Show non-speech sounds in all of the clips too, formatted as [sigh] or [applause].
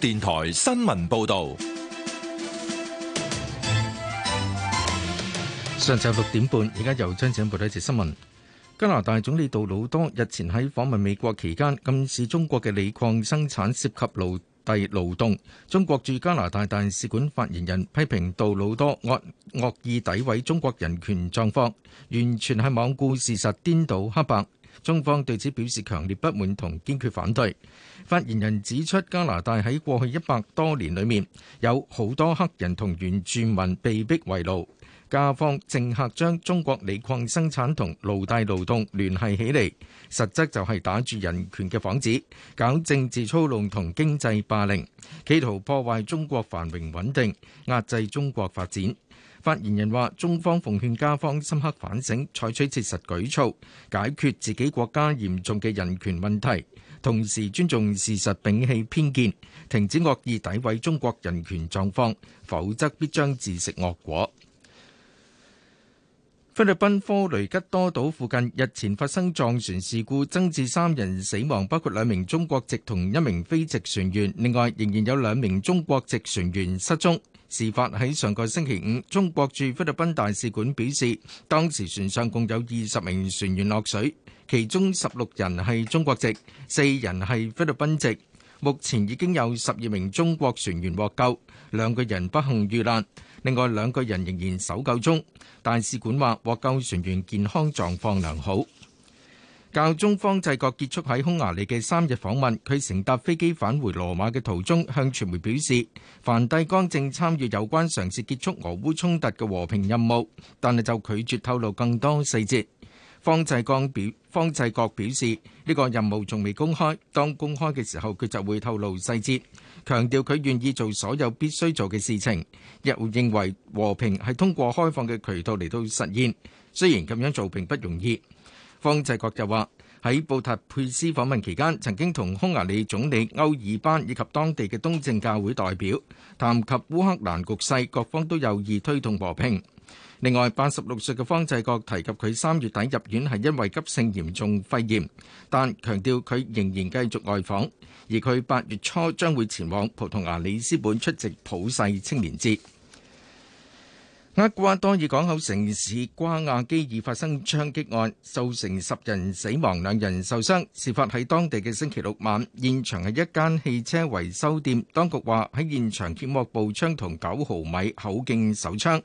電台新聞報道：上晝六點半，而家又將展開一節新聞。加拿大總理杜魯多日前喺訪問美國期間，暗示中國嘅鋰礦生產涉及奴隸勞動。中國駐加拿大大使館發言人批評杜魯多惡惡意詆毀中國人權狀況，完全係罔顧事實，顛倒黑白。中方對此表示強烈不滿同堅決反對。發言人指出，加拿大喺過去一百多年裏面，有好多黑人同原住民被逼為奴。加方政客將中國鋰礦生產同奴隸勞動聯繫起嚟，實質就係打住人權嘅幌子，搞政治操弄同經濟霸凌，企圖破壞中國繁榮穩定，壓制中國發展。發言人話：中方奉勸加方深刻反省，採取切實舉措解決自己國家嚴重嘅人權問題，同時尊重事實，摒棄偏見，停止惡意詆毀中國人權狀況，否則必將自食惡果。菲律賓科雷吉多島附近日前發生撞船事故，增至三人死亡，包括兩名中國籍同一名菲籍船員，另外仍然有兩名中國籍船員失蹤。事發喺上個星期五，中國駐菲律賓大使館表示，當時船上共有二十名船員落水，其中十六人係中國籍，四人係菲律賓籍。目前已經有十二名中國船員獲救，兩個人不幸遇難，另外兩個人仍然搜救中。大使館話，獲救船員健康狀況良好。教宗方濟各結束喺匈牙利嘅三日訪問，佢乘搭飛機返回羅馬嘅途中，向傳媒表示，梵蒂岡正參與有關嘗試結束俄烏衝突嘅和平任務，但係就拒絕透露更多細節。方濟各表方濟各表示，呢個任務仲未公開，當公開嘅時候佢就會透露細節，強調佢願意做所有必須做嘅事情，亦會認為和平係通過開放嘅渠道嚟到實現，雖然咁樣做並不容易。方濟各就話喺布達佩斯訪問期間，曾經同匈牙利總理歐爾班以及當地嘅東正教會代表談及烏克蘭局勢，各方都有意推動和平。另外，八十六歲嘅方濟各提及佢三月底入院係因為急性嚴重肺炎，但強調佢仍然繼續外訪，而佢八月初將會前往葡萄牙里斯本出席普世青年節。厄瓜多爾港口城市瓜亞基爾發生槍擊案，造成十人死亡，兩人受傷。事發喺當地嘅星期六晚，現場係一間汽車維修店。當局話喺現場檢獲步槍同九毫米口徑手槍，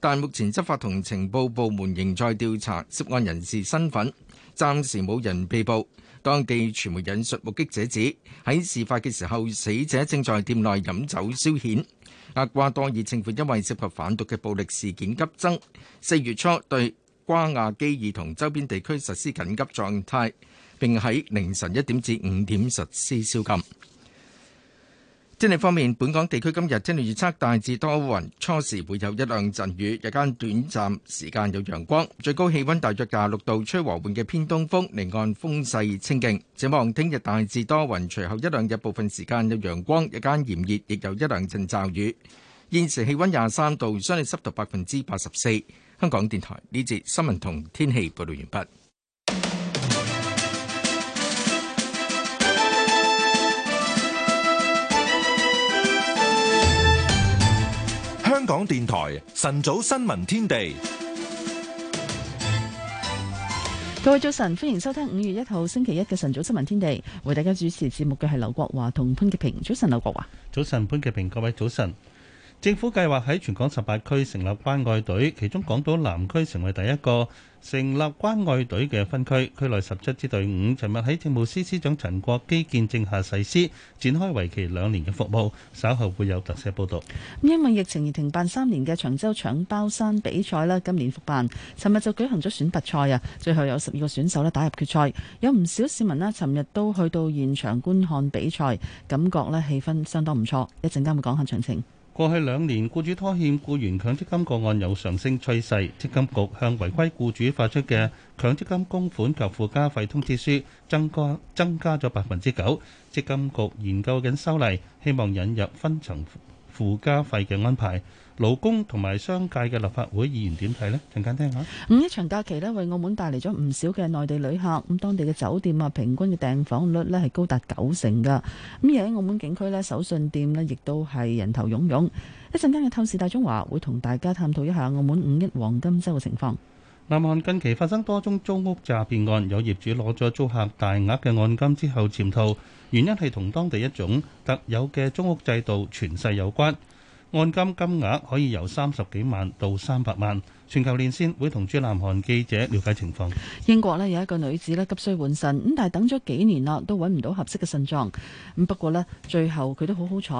但目前執法同情報部門仍在調查涉案人士身份，暫時冇人被捕。當地傳媒引述目擊者指，喺事發嘅時候，死者正在店內飲酒消遣。厄瓜多爾政府因為涉及販毒嘅暴力事件急增，四月初對瓜亞基爾同周邊地區實施緊急狀態，並喺凌晨一點至五點實施宵禁。天氣方面，本港地區今日天氣預測大致多雲，初時會有一兩陣雨，日間短暫時間有陽光，最高氣溫大約廿六度，吹和緩嘅偏東風，離岸風勢清勁。展望聽日大致多雲，隨後一兩日部分時間有陽光，日間炎熱，亦有一兩陣驟雨。現時氣溫廿三度，相對濕度百分之八十四。香港電台呢節新聞同天氣報道完畢。香港電台晨早新聞天地，各位早晨，歡迎收聽五月一號星期一嘅晨早新聞天地，為大家主持節目嘅係劉國華同潘潔平。早晨，劉國華。早晨，潘潔平。各位早晨。政府計劃喺全港十八區成立關愛隊，其中港島南區成為第一個成立關愛隊嘅分區。區內十七支隊伍，尋日喺政務司司長陳國基見證下誓師，展開為期兩年嘅服務。稍後會有特色報道。因為疫情而停辦三年嘅長洲搶包山比賽啦，今年復辦。尋日就舉行咗選拔賽啊，最後有十二個選手咧打入決賽。有唔少市民咧尋日都去到現場觀看比賽，感覺咧氣氛相當唔錯。一陣間會講下詳情。過去兩年，僱主拖欠僱員強積金個案有上升趨勢，積金局向違規僱主發出嘅強積金供款及附加費通知書增加增加咗百分之九，積金局研究緊修例，希望引入分層附加費嘅安排。勞工同埋商界嘅立法會議員點睇呢？陣間聽下。五一長假期呢，為澳門帶嚟咗唔少嘅內地旅客，咁當地嘅酒店啊，平均嘅訂房率呢係高達九成噶。咁而喺澳門景區呢，手信店呢亦都係人頭涌湧。一陣間嘅透視大中華會同大家探討一下澳門五一黃金周嘅情況。南韓近期發生多宗租屋詐騙案，有業主攞咗租客大額嘅按金之後潛逃，原因係同當地一種特有嘅租屋制度全稅有關。按金金額可以由三十幾萬到三百萬。全球連線會同駐南韓記者了解情況。英國咧有一個女子咧急需換腎，咁但係等咗幾年啦，都揾唔到合適嘅腎臟。咁不過咧，最後佢都好好彩。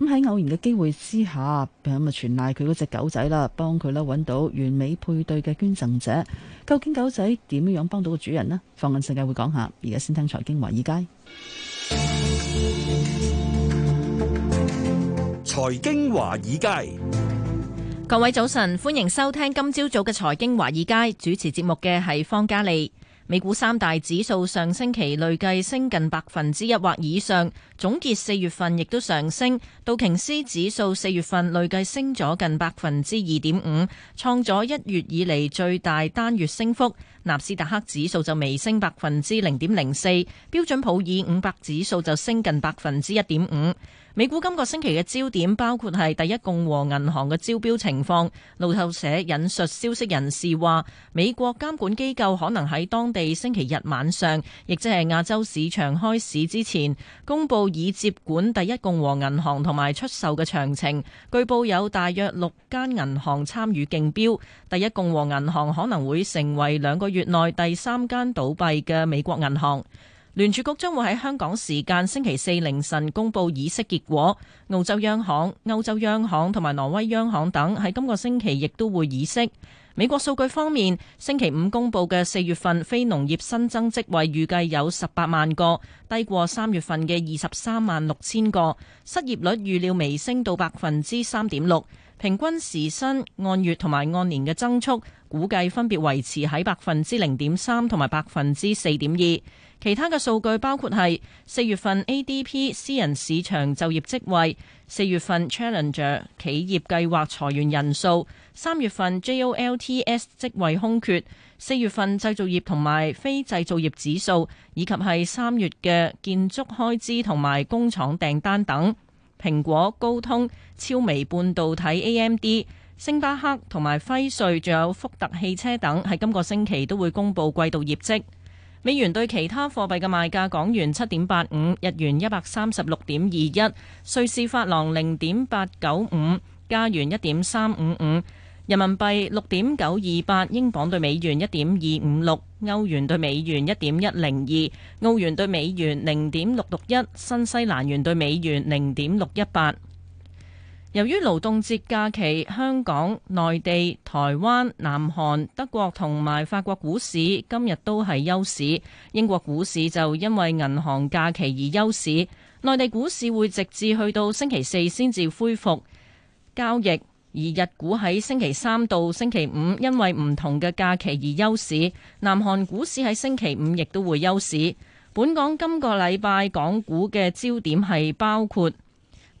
咁喺偶然嘅機會之下，咁啊全賴佢嗰隻狗仔啦，幫佢咧揾到完美配對嘅捐贈者。究竟狗仔點樣幫到個主人呢？放眼世界會講下。而家先聽財經華爾街。財經華爾街，各位早晨，歡迎收聽今朝早嘅財經華爾街，主持節目嘅係方嘉莉。美股三大指數上星期累計升近百分之一或以上，總結四月份亦都上升。道瓊斯指數四月份累計升咗近百分之二點五，創咗一月以嚟，最大單月升幅。納斯達克指數就微升百分之零點零四，標準普爾五百指數就升近百分之一點五。美股今個星期嘅焦點包括係第一共和銀行嘅招標情況。路透社引述消息人士話，美國監管機構可能喺當地星期日晚上，亦即係亞洲市場開市之前，公布已接管第一共和銀行同埋出售嘅詳情。據報有大約六間銀行參與競標，第一共和銀行可能會成為兩個月內第三間倒閉嘅美國銀行。聯儲局將會喺香港時間星期四凌晨公布議息結果。澳洲央行、歐洲央行同埋挪威央行等喺今個星期亦都會議息。美國數據方面，星期五公布嘅四月份非農業新增職位預計有十八萬個，低過三月份嘅二十三萬六千個。失業率預料微升到百分之三點六，平均時薪，按月同埋按年嘅增速估計分別維持喺百分之零點三同埋百分之四點二。其他嘅數據包括係四月份 ADP 私人市場就業職位、四月份 Challenger 企業計劃裁員人數、三月份 JOLTS 職位空缺、四月份製造業同埋非製造業指數，以及係三月嘅建築開支同埋工廠訂單等。蘋果、高通、超微半導體、AMD、星巴克同埋輝瑞，仲有福特汽車等，喺今個星期都會公布季度業績。美元對其他貨幣嘅賣價：港元七點八五，日元一百三十六點二一，瑞士法郎零點八九五，加元一點三五五，人民幣六點九二八，英鎊對美元一點二五六，歐元對美元一點一零二，澳元對美元零點六六一，新西蘭元對美元零點六一八。由於勞動節假期，香港、內地、台灣、南韓、德國同埋法國股市今日都係休市。英國股市就因為銀行假期而休市。內地股市會直至去到星期四先至恢復交易，而日股喺星期三到星期五因為唔同嘅假期而休市。南韓股市喺星期五亦都會休市。本港今個禮拜港股嘅焦點係包括：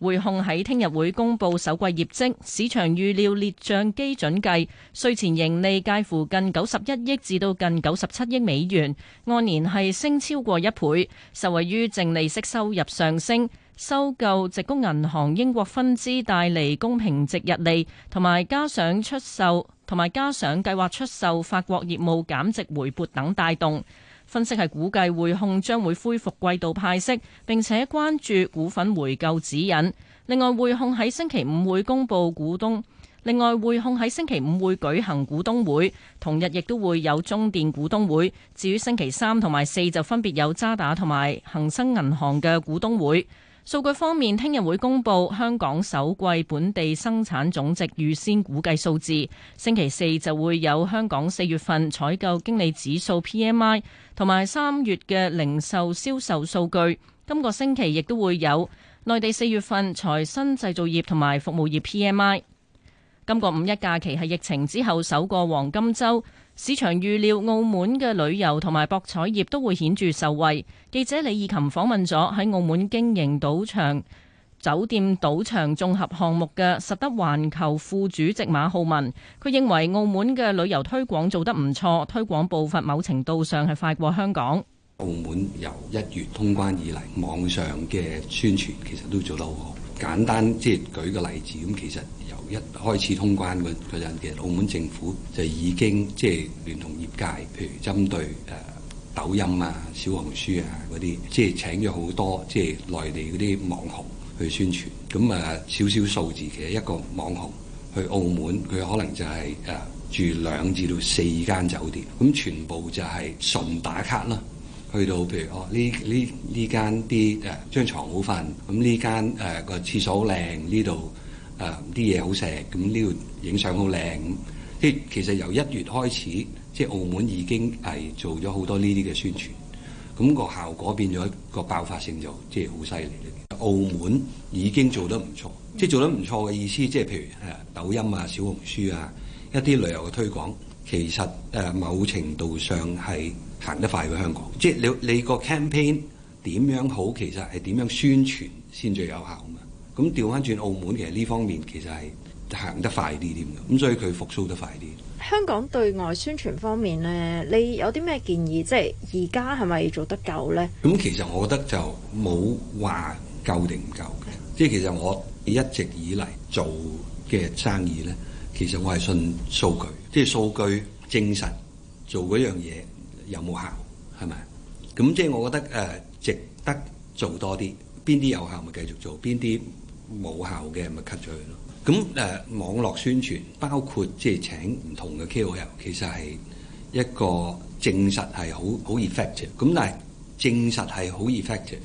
匯控喺聽日會公布首季業績，市場預料，列賬基準計，稅前盈利介乎近九十一億至到近九十七億美元，按年係升超過一倍，受惠於淨利息收入上升、收購矽谷銀行英國分支帶嚟公平值日利，同埋加上出售同埋加上計劃出售法國業務減值回撥等帶動。分析係估計匯控將會恢復季度派息，並且關注股份回購指引。另外，匯控喺星期五會公布股東。另外，匯控喺星期五會舉行股東會，同日亦都會有中電股東會。至於星期三同埋四，就分別有渣打同埋恒生銀行嘅股東會。數據方面，聽日會公布香港首季本地生產總值預先估計數字。星期四就會有香港四月份採購經理指數 PMI 同埋三月嘅零售銷售數據。今個星期亦都會有內地四月份財新製造業同埋服務業 PMI。今個五一假期係疫情之後首個黃金周。市場預料澳門嘅旅遊同埋博彩業都會顯著受惠。記者李義琴訪問咗喺澳門經營賭場酒店賭場綜合項目嘅實德環球副主席馬浩文，佢認為澳門嘅旅遊推廣做得唔錯，推廣步伐某程度上係快過香港。澳門由一月通關以嚟，網上嘅宣傳其實都做得好好。簡單即係舉個例子，咁其實。一開始通關嗰嗰陣，其實澳門政府就已經即係聯同業界，譬如針對誒、呃、抖音啊、小紅書啊嗰啲，即係請咗好多即係內地嗰啲網紅去宣傳。咁啊，少少數字嘅一個網紅去澳門，佢可能就係、是、誒、啊、住兩至到四間酒店，咁全部就係純打卡啦。去到譬如哦，呢呢呢間啲誒、啊、張床好瞓，咁呢間誒個、啊、廁所好靚，呢度。啊！啲嘢好食，咁呢度影相好靚，即係其實由一月開始，即係澳門已經係做咗好多呢啲嘅宣傳，咁、個效果變咗個爆發性就即係好犀利。澳門已經做得唔錯，即係做得唔錯嘅意思，即係譬如誒、啊、抖音啊、小紅書啊一啲旅遊嘅推廣，其實誒、啊、某程度上係行得快過香港。即係你你個 campaign 點樣好，其實係點樣宣傳先最有效啊嘛？咁調翻轉澳門其實呢方面其實係行得快啲啲嘅，咁所以佢復甦得快啲。香港對外宣傳方面咧，你有啲咩建議？即係而家係咪做得夠咧？咁、嗯、其實我覺得就冇話夠定唔夠嘅，即係其實我一直以嚟做嘅生意咧，其實我係信數據，即係數據證實做嗰樣嘢有冇效，係咪？咁即係我覺得誒、呃、值得做多啲，邊啲有效咪繼續做，邊啲？冇效嘅咪 cut 咗佢咯。咁誒、啊、網絡宣傳包括即係、就是、請唔同嘅 KOL，其實係一個證實係好好 effective。咁但係證實係好 effective，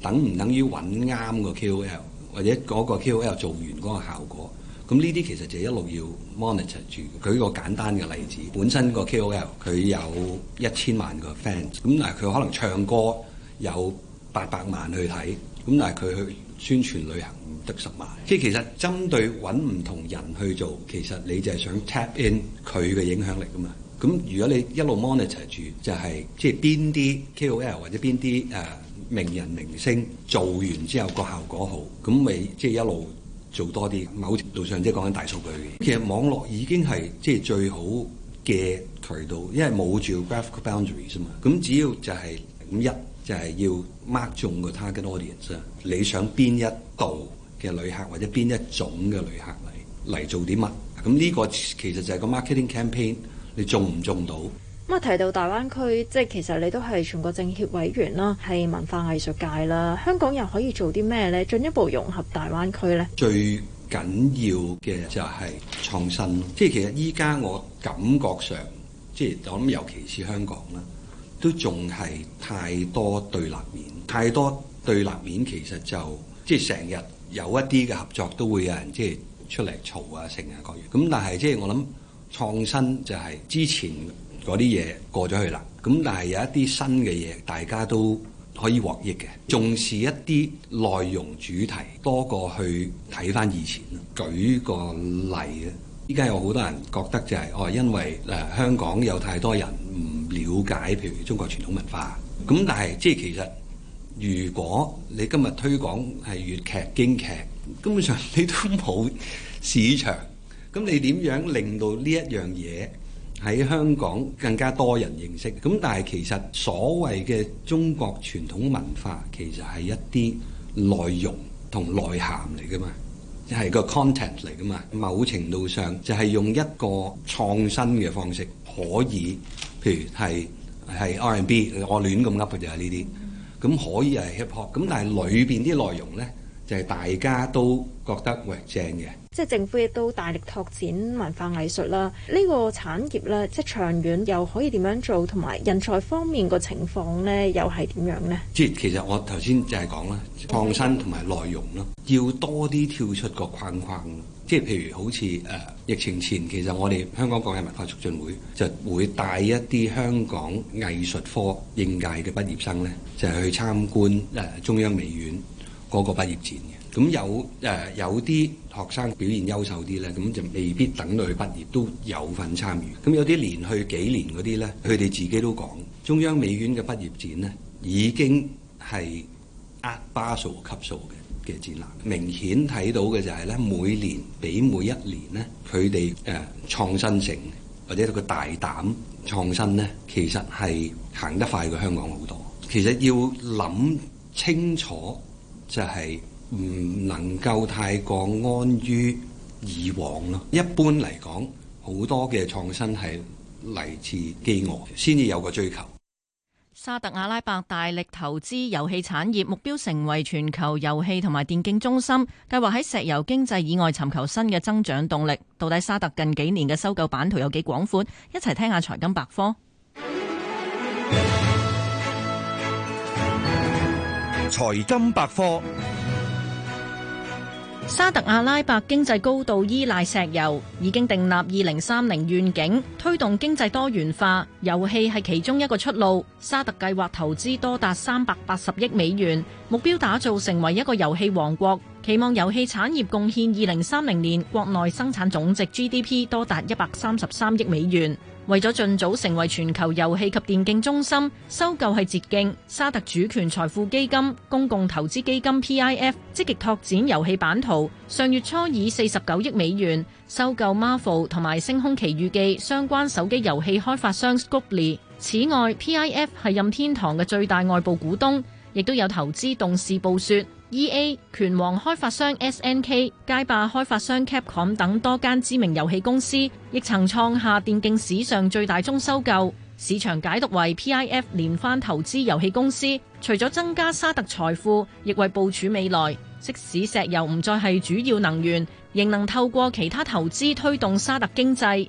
等唔等於揾啱個 KOL 或者嗰個 KOL 做完嗰個效果？咁呢啲其實就一路要 monitor 住。舉呢個簡單嘅例子，本身個 KOL 佢有一千萬個 fans，咁但係佢可能唱歌有八百萬去睇，咁但係佢去，宣傳旅行唔得十萬，即係其實針對揾唔同人去做，其實你就係想 tap in 佢嘅影響力㗎嘛。咁如果你一路 monitor 住，就係、是、即係邊啲 KOL 或者邊啲誒名人明星做完之後個效果好，咁咪即係一路做多啲。某程度上即係講緊大數據嘅嘢。其實網絡已經係即係最好嘅渠道，因為冇住 graphical boundaries 嘛。咁只要就係咁一。就係要命中個 target audience 啊！你想邊一度嘅旅客或者邊一種嘅旅客嚟嚟做啲乜？咁呢個其實就係個 marketing campaign，你中唔中到？咁啊，提到大灣區，即係其實你都係全國政協委員啦，係文化藝術界啦，香港又可以做啲咩咧？進一步融合大灣區咧？最緊要嘅就係創新。即係其實依家我感覺上，即係我諗，尤其是香港啦。都仲係太多對立面，太多對立面，其實就即係成日有一啲嘅合作都會有人即係出嚟嘈啊，成日講嘢。咁但係即係我諗創新就係之前嗰啲嘢過咗去啦。咁但係有一啲新嘅嘢，大家都可以獲益嘅，重視一啲內容主題多過去睇翻以前啦。舉個例啊！依家有好多人覺得就係、是、哦，因為誒、呃、香港有太多人唔了解譬如中國傳統文化，咁但係即係其實如果你今日推廣係粵劇、京劇，根本上你都冇市場。咁你點樣令到呢一樣嘢喺香港更加多人認識？咁但係其實所謂嘅中國傳統文化，其實係一啲內容同內涵嚟噶嘛。即係個 content 嚟噶嘛，某程度上就係用一個創新嘅方式，可以，譬如係係 R&B 我亂咁噏嘅就係呢啲，咁可以係 hip hop，咁但係裏邊啲內容咧。就係大家都覺得喂、哎、正嘅，即係政府亦都大力拓展文化藝術啦。呢、這個產業咧，即係長遠又可以點樣做，同埋人才方面個情況咧，又係點樣咧？即係其實我頭先就係講啦，創新同埋內容咯，要多啲跳出個框框。即係譬如好似誒疫情前，其實我哋香港各界文化促進會就會帶一啲香港藝術科應屆嘅畢業生咧，就去參觀誒中央美院。個個畢業展嘅咁有誒、呃、有啲學生表現優秀啲咧，咁就未必等到佢畢業都有份參與。咁有啲連去幾年嗰啲咧，佢哋自己都講中央美院嘅畢業展咧，已經係 Art Basel 級數嘅嘅展覽。明顯睇到嘅就係咧，每年比每一年咧，佢哋誒創新性或者個大膽創新咧，其實係行得快過香港好多。其實要諗清楚。就係唔能夠太過安於以往咯。一般嚟講，好多嘅創新係嚟自饑餓，先至有個追求。沙特阿拉伯大力投資遊戲產業，目標成為全球遊戲同埋電競中心，計劃喺石油經濟以外尋求新嘅增長動力。到底沙特近幾年嘅收購版圖有幾廣闊？一齊聽下財金百科。 [music] 財金百科：沙特阿拉伯經濟高度依賴石油，已經訂立二零三零願景，推動經濟多元化。遊戲係其中一個出路。沙特計劃投資多達三百八十億美元，目標打造成為一個遊戲王國，期望遊戲產業貢獻二零三零年國內生產總值 GDP 多達一百三十三億美元。為咗盡早成為全球遊戲及電競中心，收購係捷徑。沙特主權財富基金公共投資基金 PIF 積極拓展遊戲版圖，上月初以四十九億美元收購 Marvel 同埋星空奇遇記相關手機遊戲開發商 Scopely。此外，PIF 係任天堂嘅最大外部股東，亦都有投資動視暴雪。EA 拳王開發商 SNK 街霸開發商 Capcom 等多間知名遊戲公司，亦曾創下電競史上最大宗收購。市場解讀為 PIF 連番投資遊戲公司，除咗增加沙特財富，亦為部署未來。即使石油唔再係主要能源，仍能透過其他投資推動沙特經濟。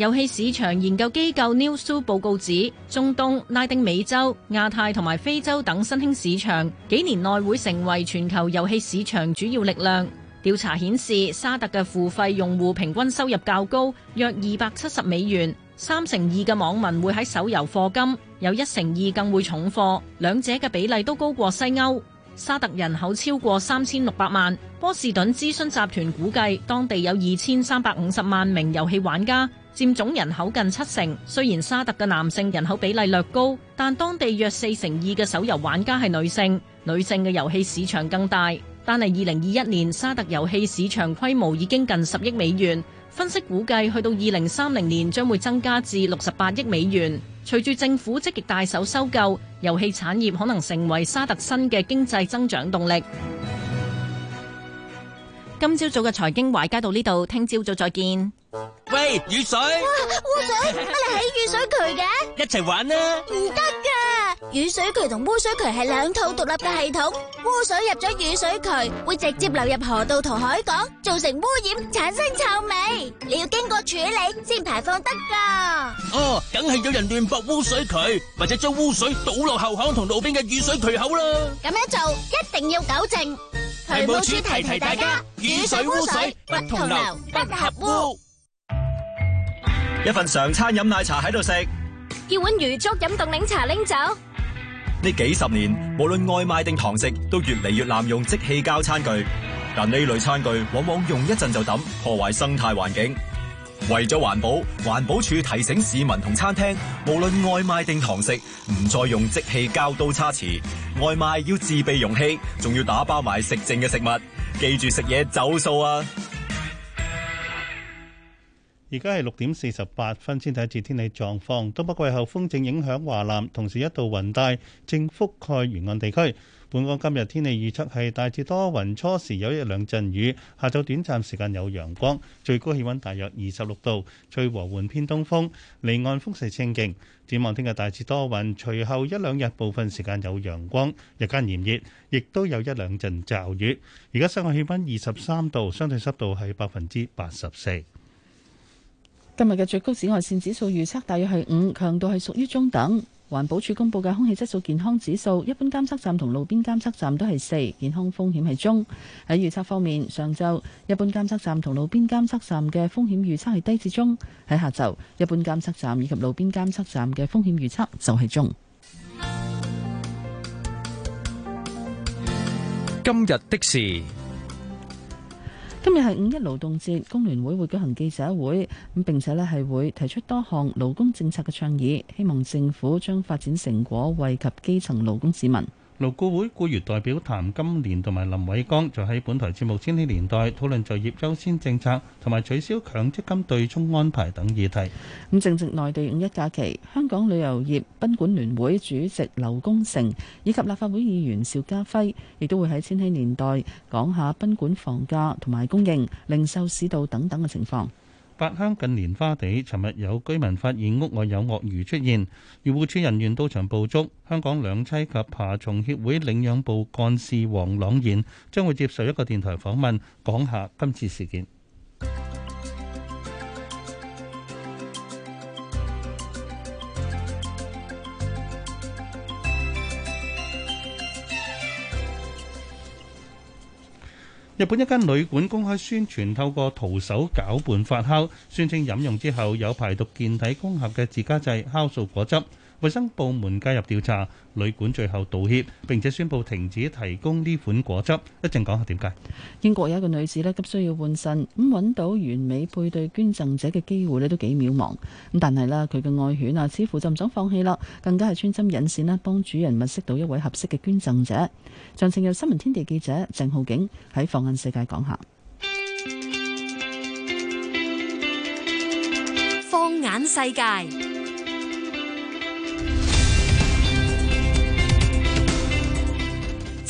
遊戲市場研究機構 Newzoo 報告指，中東、拉丁美洲、亞太同埋非洲等新興市場幾年內會成為全球遊戲市場主要力量。調查顯示，沙特嘅付費用戶平均收入較高，約二百七十美元。三成二嘅網民會喺手遊課金，有一成二更會重貨，兩者嘅比例都高過西歐。沙特人口超過三千六百萬，波士頓諮詢集團估計當地有二千三百五十萬名遊戲玩家。佔總人口近七成。雖然沙特嘅男性人口比例略高，但當地約四成二嘅手遊玩家係女性，女性嘅遊戲市場更大，但係二零二一年沙特遊戲市場規模已經近十億美元，分析估計去到二零三零年將會增加至六十八億美元。隨住政府積極大手收購，遊戲產業可能成為沙特新嘅經濟增長動力。今朝早嘅財經華爾街到呢度，聽朝早，早再見。喂，雨水！哇，污水乜你喺雨水渠嘅？一齊玩啊！唔得噶雨水渠同污水渠係兩套獨立嘅系統，污水入咗雨水渠會直接流入河道同海港，造成污染，產生臭味。你要經過處理先排放得噶。哦，梗係有人亂駁污水渠，或者將污水倒落後巷同路邊嘅雨水渠口啦。咁樣做一定要糾正。渠務署提提大家，雨水污水不同流，不合污。一份常餐飲奶茶喺度食，叫碗魚粥飲凍檸茶拎走。呢幾十年，無論外賣定堂食，都越嚟越濫用即棄膠餐具。但呢類餐具往往用一陣就抌，破壞生態環境。為咗環保，環保署提醒市民同餐廳，無論外賣定堂食，唔再用即棄膠刀叉匙。外賣要自備容器，仲要打包埋食剩嘅食物。記住食嘢走塑啊！而家係六點四十八分，先睇一節天氣狀況。東北季候風正影響華南，同時一道雲帶正覆蓋沿岸地區。本港今日天氣預測係大致多雲，初時有一兩陣雨，下晝短暫時間有陽光，最高氣溫大約二十六度，吹和緩偏東風，離岸風勢清勁。展望聽日大致多雲，隨後一兩日部分時間有陽光，日間炎熱，亦都有一兩陣驟雨。而家室外氣溫二十三度，相對濕度係百分之八十四。今日嘅最高紫外線指數預測大約係五，強度係屬於中等。環保署公布嘅空氣質素健康指數，一般監測站同路邊監測站都係四，健康風險係中。喺預測方面，上晝一般監測站同路邊監測站嘅風險預測係低至中；喺下晝，一般監測站以及路邊監測站嘅風險預測就係中。今日的事。今日係五一勞動節，工聯會會舉行記者會，咁並且呢係會提出多項勞工政策嘅倡議，希望政府將發展成果惠及基層勞工市民。勞顧會,僱員代表譚金蓮同埋林偉光,就喺本台節目千禧年代,討論就業優先政策同埋取消強積金對沖安排等議題。咁正值內地五一假期,香港旅遊業、賓館聯會主席劉功成,以及立法會議員邵家輝,亦都會喺千禧年代講下賓館房價同埋供應,零售市道等等嘅情況。八鄉近蓮花地，尋日有居民發現屋外有鱷魚出現，漁護處人員到場捕捉。香港兩棲及爬蟲協會領養部幹事黃朗賢將會接受一個電台訪問，講下今次事件。日本一家旅館公開宣傳，透過徒手攪拌發酵，宣稱飲用之後有排毒健體功效嘅自家製酵素果汁。衛生部門介入調查，旅館最後道歉，並且宣布停止提供呢款果汁。一陣講下點解。英國有一個女子咧急需要換腎，咁搵到完美配對捐贈者嘅機會咧都幾渺茫。咁但係咧，佢嘅愛犬啊，似乎就唔想放棄啦，更加係穿針引線咧幫主人物色到一位合適嘅捐贈者。詳情由新聞天地記者鄭浩景喺放眼世界講下。放眼世界。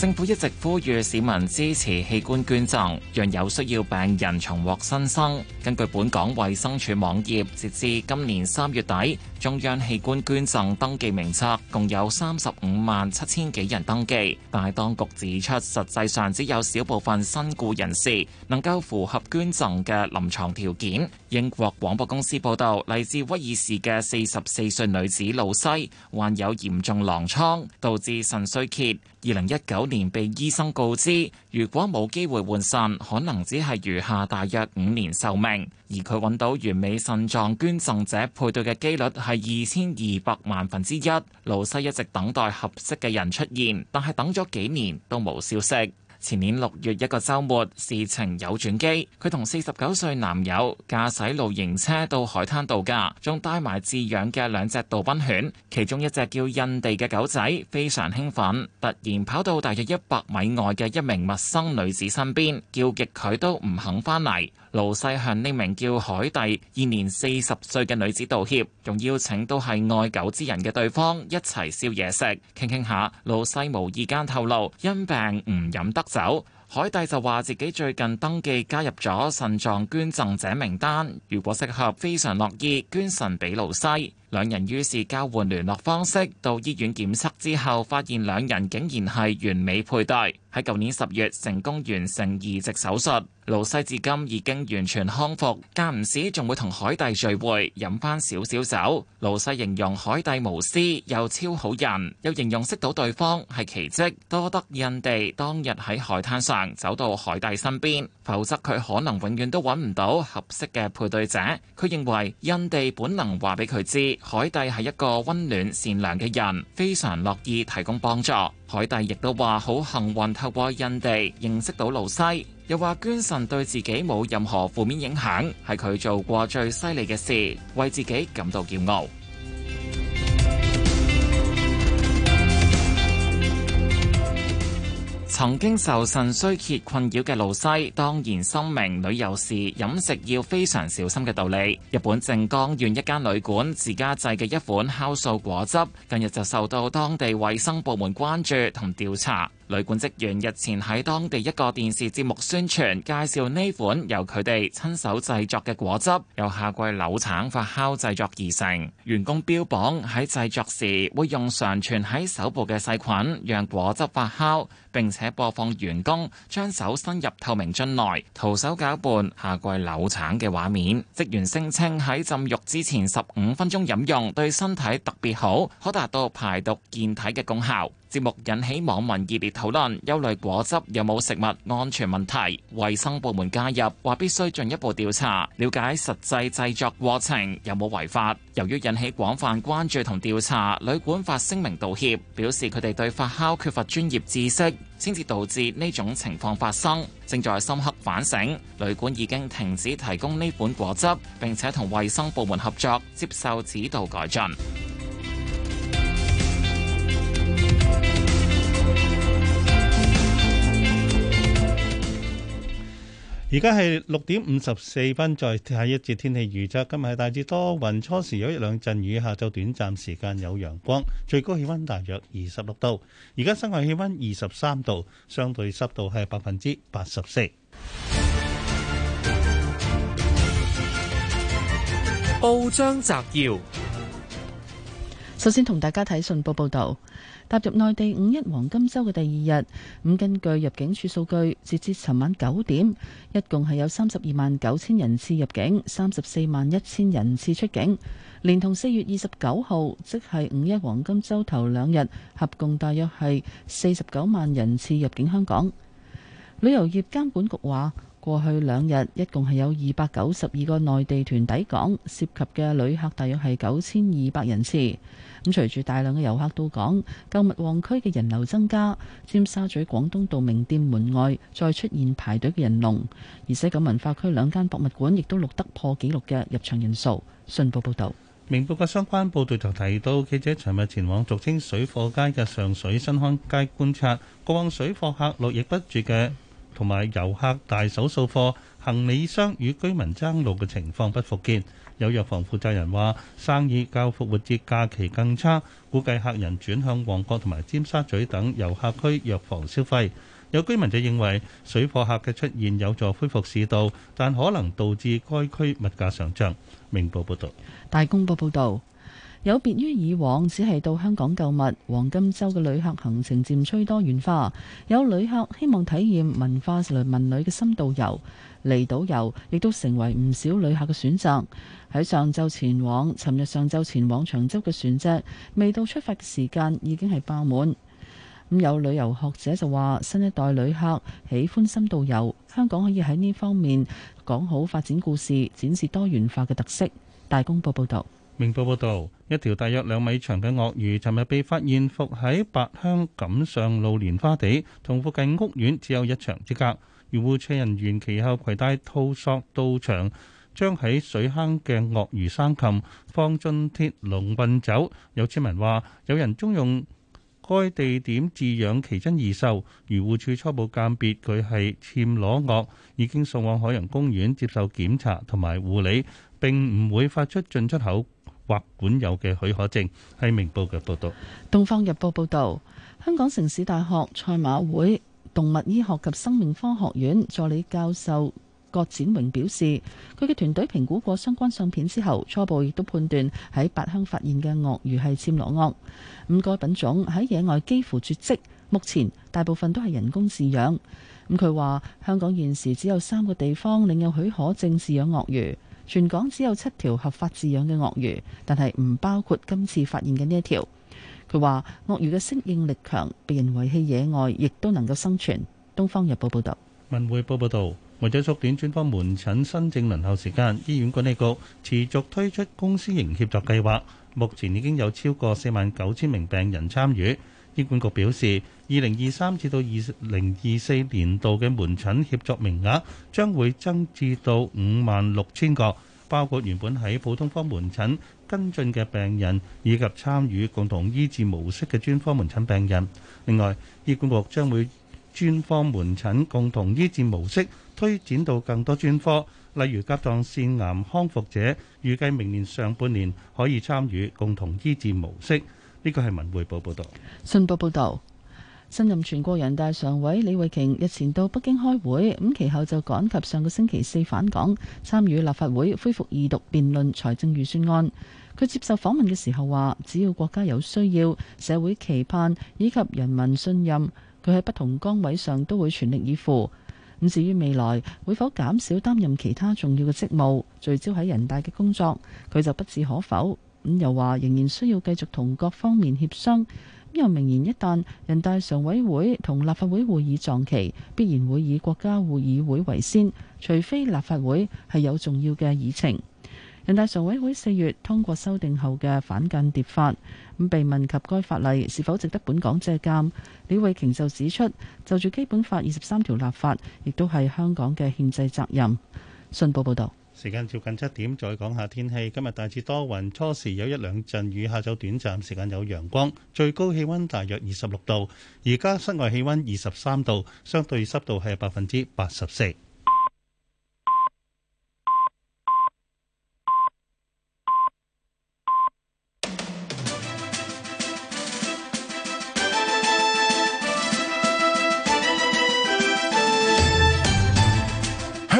政府一直呼籲市民支持器官捐贈，讓有需要病人重獲新生。根據本港衛生署網頁，截至今年三月底，中央器官捐贈登記名冊共有三十五萬七千幾人登記，但係當局指出，實際上只有少部分身故人士能夠符合捐贈嘅臨床條件。英國廣播公司報道，嚟自威爾士嘅四十四歲女子露西患有嚴重狼瘡，導致腎衰竭。二零一九年被醫生告知，如果冇機會換腎，可能只係餘下大約五年壽命。而佢揾到完美腎臟捐贈者配對嘅機率係係二千二百萬分之一。盧西一直等待合適嘅人出現，但係等咗幾年都冇消息。前年六月一個週末，事情有轉機，佢同四十九歲男友駕駛露營車到海灘度假，仲帶埋自養嘅兩隻杜賓犬，其中一隻叫印地嘅狗仔非常興奮，突然跑到大約一百米外嘅一名陌生女子身邊，叫極佢都唔肯返嚟。盧西向呢名叫海蒂、現年四十歲嘅女子道歉，仲邀請都係愛狗之人嘅對方一齊燒嘢食，傾傾下。盧西無意間透露，因病唔飲得酒，海蒂就話自己最近登記加入咗腎臟捐贈者名單，如果適合，非常樂意捐腎俾盧西。兩人於是交換聯絡方式，到醫院檢測之後，發現兩人竟然係完美配對。喺舊年十月成功完成移植手術，盧西至今已經完全康復，間唔時仲會同海蒂聚會飲翻少少酒。盧西形容海蒂無私又超好人，又形容識到對方係奇蹟，多得印地當日喺海灘上走到海蒂身邊，否則佢可能永遠都揾唔到合適嘅配對者。佢認為印地本能話俾佢知。海蒂係一個溫暖善良嘅人，非常樂意提供幫助。海蒂亦都話好幸運透過印地認識到盧西，又話捐腎對自己冇任何負面影響，係佢做過最犀利嘅事，為自己感到驕傲。曾經受腎衰竭困擾嘅露西，當然深明旅遊時飲食要非常小心嘅道理。日本靜岡縣一間旅館自家製嘅一款酵素果汁，近日就受到當地衛生部門關注同調查。旅館職員日前喺當地一個電視節目宣傳介紹呢款由佢哋親手製作嘅果汁，由夏季柳橙發酵製作而成。員工標榜喺製作時會用常存喺手部嘅細菌，讓果汁發酵。並且播放員工將手伸入透明樽內，徒手攪拌夏季柳橙嘅畫面。職員聲稱喺浸浴之前十五分鐘飲用，對身體特別好，可達到排毒健體嘅功效。節目引起網民熱烈討論，憂慮果汁有冇食物安全問題。衛生部門加入，話必須進一步調查，了解實際製作過程有冇違法。由於引起廣泛關注同調查，旅館發聲明道歉，表示佢哋對發酵缺乏專業知識，先至導致呢種情況發生。正在深刻反省，旅館已經停止提供呢款果汁，並且同衛生部門合作，接受指導改進。而家係六點五十四分，再睇下一節天氣預測，今日係大致多雲，初時有一兩陣雨，下晝短暫時間有陽光，最高氣溫大約二十六度。而家室外氣溫二十三度，相對濕度係百分之八十四。報章摘要。首先同大家睇信報報道，踏入內地五一黃金周嘅第二日，咁根據入境處數據，截至尋晚九點，一共係有三十二萬九千人次入境，三十四萬一千人次出境，連同四月二十九號，即係五一黃金周頭兩日，合共大約係四十九萬人次入境香港。旅遊業監管局話，過去兩日，一共係有二百九十二個內地團抵港，涉及嘅旅客大約係九千二百人次。咁隨住大量嘅遊客到港，購物旺區嘅人流增加，尖沙咀廣東道名店門外再出現排隊嘅人龍，而西九文化區兩間博物館亦都錄得破紀錄嘅入場人數。信報報導，明報嘅相關報導就提到，記者尋日前往俗稱水貨街嘅上水新康街觀察，過往水貨客絡繹不絕嘅，同埋遊客大手掃貨，行李箱與居民爭路嘅情況不復見。有藥房負責人話：生意較復活節假期更差，估計客人轉向旺角同埋尖沙咀等遊客區藥房消費。有居民就認為水貨客嘅出現有助恢復市道，但可能導致該區物價上漲。明報報道。大公報報導。有別於以往，只係到香港購物，黃金週嘅旅客行程漸趨多元化，有旅客希望體驗文化同埋民旅嘅深度遊、離島遊，亦都成為唔少旅客嘅選擇。喺上晝前往，尋日上晝前往長洲嘅船隻，未到出發嘅時間已經係爆滿。咁有旅遊學者就話：新一代旅客喜歡深度遊，香港可以喺呢方面講好發展故事，展示多元化嘅特色。大公報報導。明報報道，一條大約兩米長嘅鱷魚，尋日被發現伏喺八鄉錦上路蓮花地，同附近屋苑只有一牆之隔。漁護署人員其後攜帶套索到場，將喺水坑嘅鱷魚生擒放進鐵籠運走。有村民話，有人中用該地點飼養奇珍異獸。漁護署初步鑑別佢係暹羅鱷，已經送往海洋公園接受檢查同埋護理，並唔會發出進出口或管有嘅許可證，係明報嘅報道。《東方日報》報道，香港城市大學賽馬會動物醫學及生命科學院助理教授郭展榮表示，佢嘅團隊評估過相關相片之後，初步亦都判斷喺八鄉發現嘅鱷魚係暹羅鱷，咁該品種喺野外幾乎絕跡，目前大部分都係人工飼養，咁佢話香港現時只有三個地方領有許可證飼養鱷魚。全港只有七條合法飼養嘅鱷魚，但係唔包括今次發現嘅呢一條。佢話鱷魚嘅適應力強，被人遺棄野外亦都能夠生存。《東方日報》報道，《文匯報》報道，為咗縮短專科門診新症輪候時間，醫院管理局持續推出公私營協作計劃，目前已經有超過四萬九千名病人參與。醫管局表示，二零二三至到二零二四年度嘅門診協作名額將會增至到五萬六千個，包括原本喺普通科門診跟進嘅病人，以及參與共同醫治模式嘅專科門診病人。另外，醫管局將會專科門診共同醫治模式推展到更多專科，例如甲狀腺癌康復者，預計明年上半年可以參與共同醫治模式。呢個係文匯報報導，信報報導，新任全國人大常委李慧瓊日前到北京開會，咁其後就趕及上個星期四返港，參與立法會恢復二讀辯論財政預算案。佢接受訪問嘅時候話：只要國家有需要、社會期盼以及人民信任，佢喺不同崗位上都會全力以赴。咁至於未來會否減少擔任其他重要嘅職務，聚焦喺人大嘅工作，佢就不置可否。咁又話仍然需要繼續同各方面協商，又明言一旦人大常委會同立法會會議撞期，必然會以國家會議會為先，除非立法會係有重要嘅議程。人大常委會四月通過修訂後嘅反間諜法，咁被問及該法例是否值得本港借鑑，李慧瓊就指出，就住基本法二十三條立法，亦都係香港嘅憲制責任。信報報道。時間接近七點，再講下天氣。今日大致多雲，初時有一兩陣雨，下晝短暫時間有陽光，最高氣温大約二十六度。而家室外氣温二十三度，相對濕度係百分之八十四。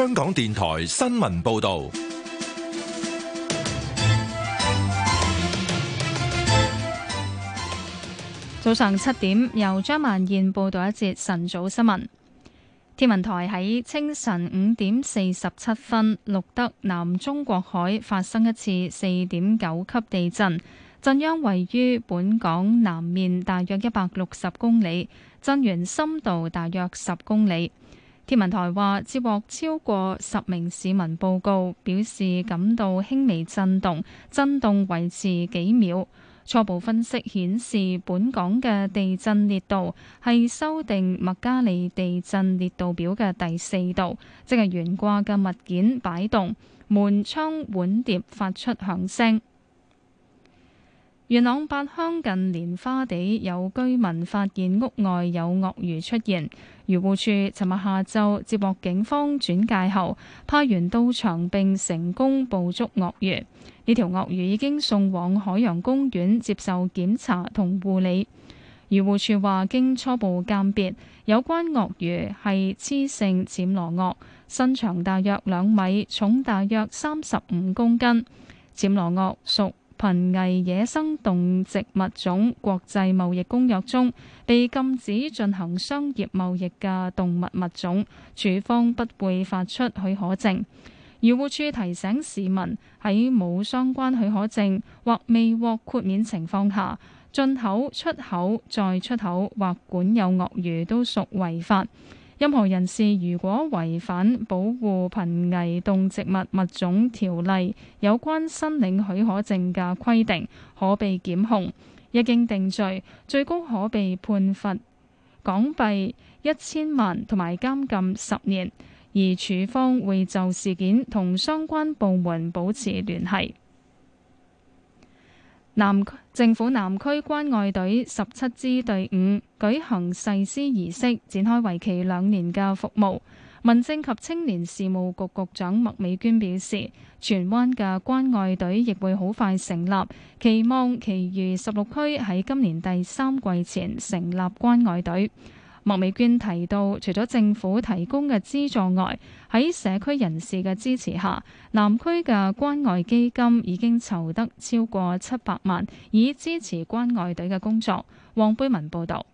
香港電台新聞報道。早上七點，由張曼燕報道一節晨早新聞。天文台喺清晨五點四十七分，錄得南中國海發生一次四點九級地震，震央位於本港南面大約一百六十公里，震源深度大約十公里。天文台話接獲超過十名市民報告，表示感到輕微震動，震動維持幾秒。初步分析顯示，本港嘅地震烈度係修訂麥加利地震烈度表嘅第四度，即係懸掛嘅物件擺動、門窗碗碟發出響聲。元朗八鄉近蓮花地有居民發現屋外有鱷魚出現，漁護處尋日下晝接獲警方轉介後，派員到場並成功捕捉鱷魚。呢條鱷魚已經送往海洋公園接受檢查同護理。漁護處話，經初步鑑別，有關鱷魚係雌性暹羅鱷，身長大約兩米，重大約三十五公斤。暹羅鱷屬瀕危野生動植物種國際貿易公約中被禁止進行商業貿易嘅動物物種，署方不會發出許可證。漁護署提醒市民喺冇相關許可證或未獲豁免情況下，進口、出口、再出口或管有鱷魚都屬違法。任何人士如果違反《保護瀕危動植物物種條例》有關申領許可證嘅規定，可被檢控。一經定罪，最高可被判罰港幣一千萬同埋監禁十年。而署方會就事件同相關部門保持聯繫。南區政府南區關愛隊十七支隊伍舉行誓師儀式，展開為期兩年嘅服務。民政及青年事務局局長麥美娟表示，荃灣嘅關愛隊亦會好快成立，期望其餘十六區喺今年第三季前成立關愛隊。莫美娟提到，除咗政府提供嘅資助外，喺社區人士嘅支持下，南區嘅關愛基金已經籌得超過七百萬，以支持關愛隊嘅工作。黃貝文報道。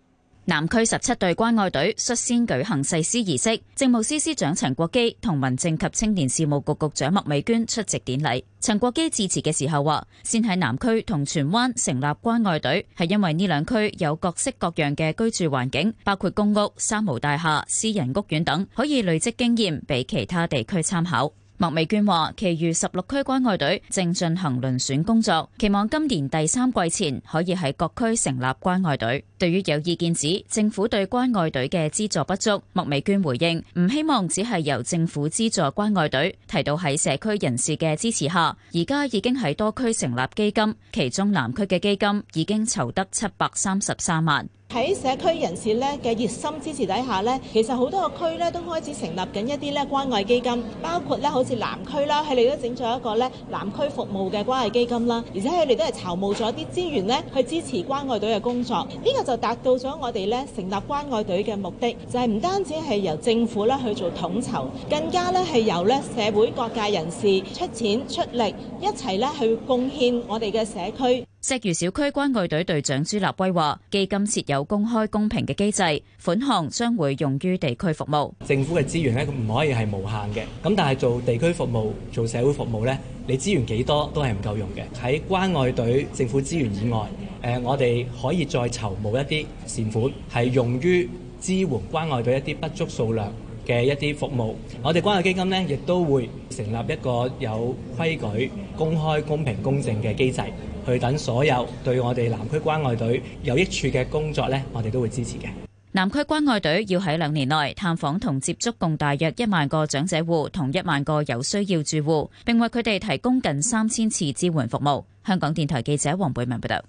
南區十七隊關愛隊率先舉行誓師儀式，政務司司長陳國基同民政及青年事務局局長麥美娟出席典禮。陳國基致辭嘅時候話，先喺南區同荃灣成立關愛隊，係因為呢兩區有各式各樣嘅居住環境，包括公屋、三無大廈、私人屋苑等，可以累積經驗俾其他地區參考。麥美娟話，其餘十六區關愛隊正進行輪選工作，期望今年第三季前可以喺各區成立關愛隊。對於有意見指政府對關愛隊嘅資助不足，麥美娟回應唔希望只係由政府資助關愛隊。提到喺社區人士嘅支持下，而家已經喺多區成立基金，其中南區嘅基金已經籌得七百三十三萬。喺社區人士咧嘅熱心支持底下咧，其實好多個區咧都開始成立緊一啲咧關愛基金，包括咧好似南區啦，佢哋都整咗一個咧南區服務嘅關愛基金啦，而且佢哋都係籌募咗啲資源咧去支持關愛隊嘅工作，呢個就達到咗我哋咧成立關愛隊嘅目的，就係唔單止係由政府啦去做統籌，更加咧係由咧社會各界人士出錢出力，一齊咧去貢獻我哋嘅社區。石魚小區關愛隊隊長朱立威話，基金設有公開公平嘅機制，款項將會用於地區服務。政府嘅資源咧，唔可以係無限嘅。咁但係做地區服務，做社會服務咧，你資源幾多都係唔夠用嘅。喺關愛隊政府資源以外，誒，我哋可以再籌募一啲善款，係用於支援關愛隊一啲不足數量嘅一啲服務。我哋關愛基金咧，亦都會成立一個有規矩、公開、公平、公正嘅機制。去等所有對我哋南區關愛隊有益處嘅工作呢，我哋都會支持嘅。南區關愛隊要喺兩年內探訪同接觸共大約一萬個長者戶同一萬個有需要住戶，並為佢哋提供近三千次支援服務。香港電台記者黃貝文報道。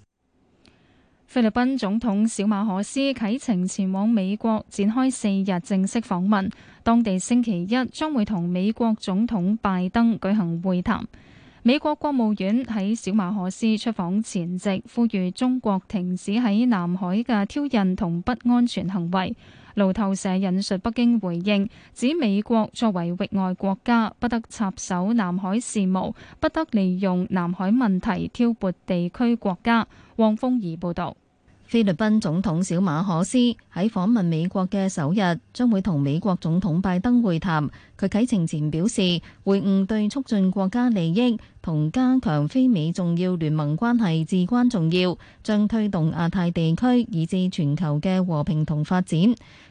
菲律賓總統小馬可斯啟程前往美國，展開四日正式訪問，當地星期一將會同美國總統拜登舉行會談。美國國務院喺小馬可斯出訪前夕，呼籲中國停止喺南海嘅挑釁同不安全行為。路透社引述北京回應，指美國作為域外國家，不得插手南海事務，不得利用南海問題挑撥地區國家。黃風儀報道。菲律賓總統小馬可斯喺訪問美國嘅首日，將會同美國總統拜登會談。佢啟程前表示，會晤對促進國家利益同加強菲美重要聯盟關係至關重要，將推動亞太地區以至全球嘅和平同發展。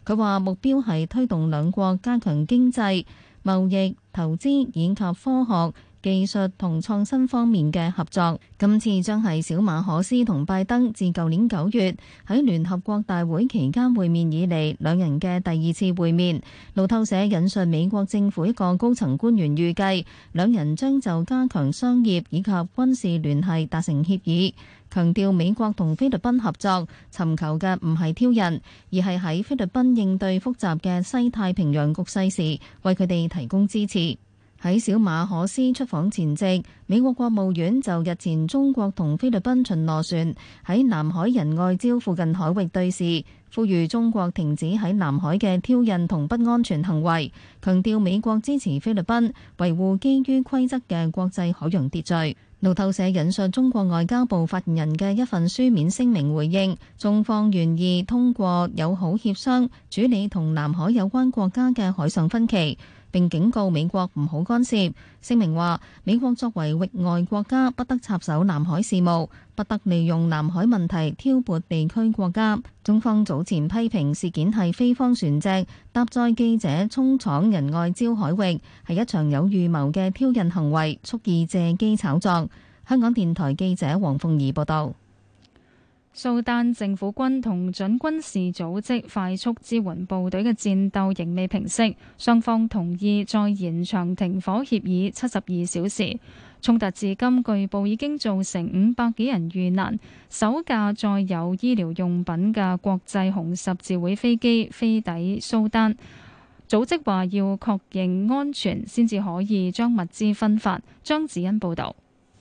佢話目標係推動兩國加強經濟、貿易、投資以及科學、技術同創新方面嘅合作，今次將係小馬可斯同拜登自舊年九月喺聯合國大會期間會面以嚟，兩人嘅第二次會面。路透社引述美國政府一個高層官員預計，兩人將就加強商業以及軍事聯繫達成協議，強調美國同菲律賓合作尋求嘅唔係挑釁，而係喺菲律賓應對複雜嘅西太平洋局勢時，為佢哋提供支持。喺小馬可斯出訪前夕，美國國務院就日前中國同菲律賓巡邏船喺南海仁愛礁附近海域對峙，呼籲中國停止喺南海嘅挑釁同不安全行為，強調美國支持菲律賓維護基於規則嘅國際海洋秩序。路透社引述中國外交部發言人嘅一份書面聲明回應，中方願意通過友好協商處理同南海有關國家嘅海上分歧。並警告美國唔好干涉。聲明話：美國作為域外國家，不得插手南海事務，不得利用南海問題挑撥地區國家。中方早前批評事件係菲方船隻搭載記者衝闖仁愛礁海域，係一場有預謀嘅挑釁行為，蓄意借機炒作。香港電台記者黃鳳儀報道。蘇丹政府軍同準軍事組織快速支援部隊嘅戰鬥仍未平息，雙方同意再延長停火協議七十二小時。衝突至今，據報已經造成五百幾人遇難。首架載有醫療用品嘅國際紅十字會飛機飛抵蘇丹，組織話要確認安全先至可以將物資分發。張子欣報道。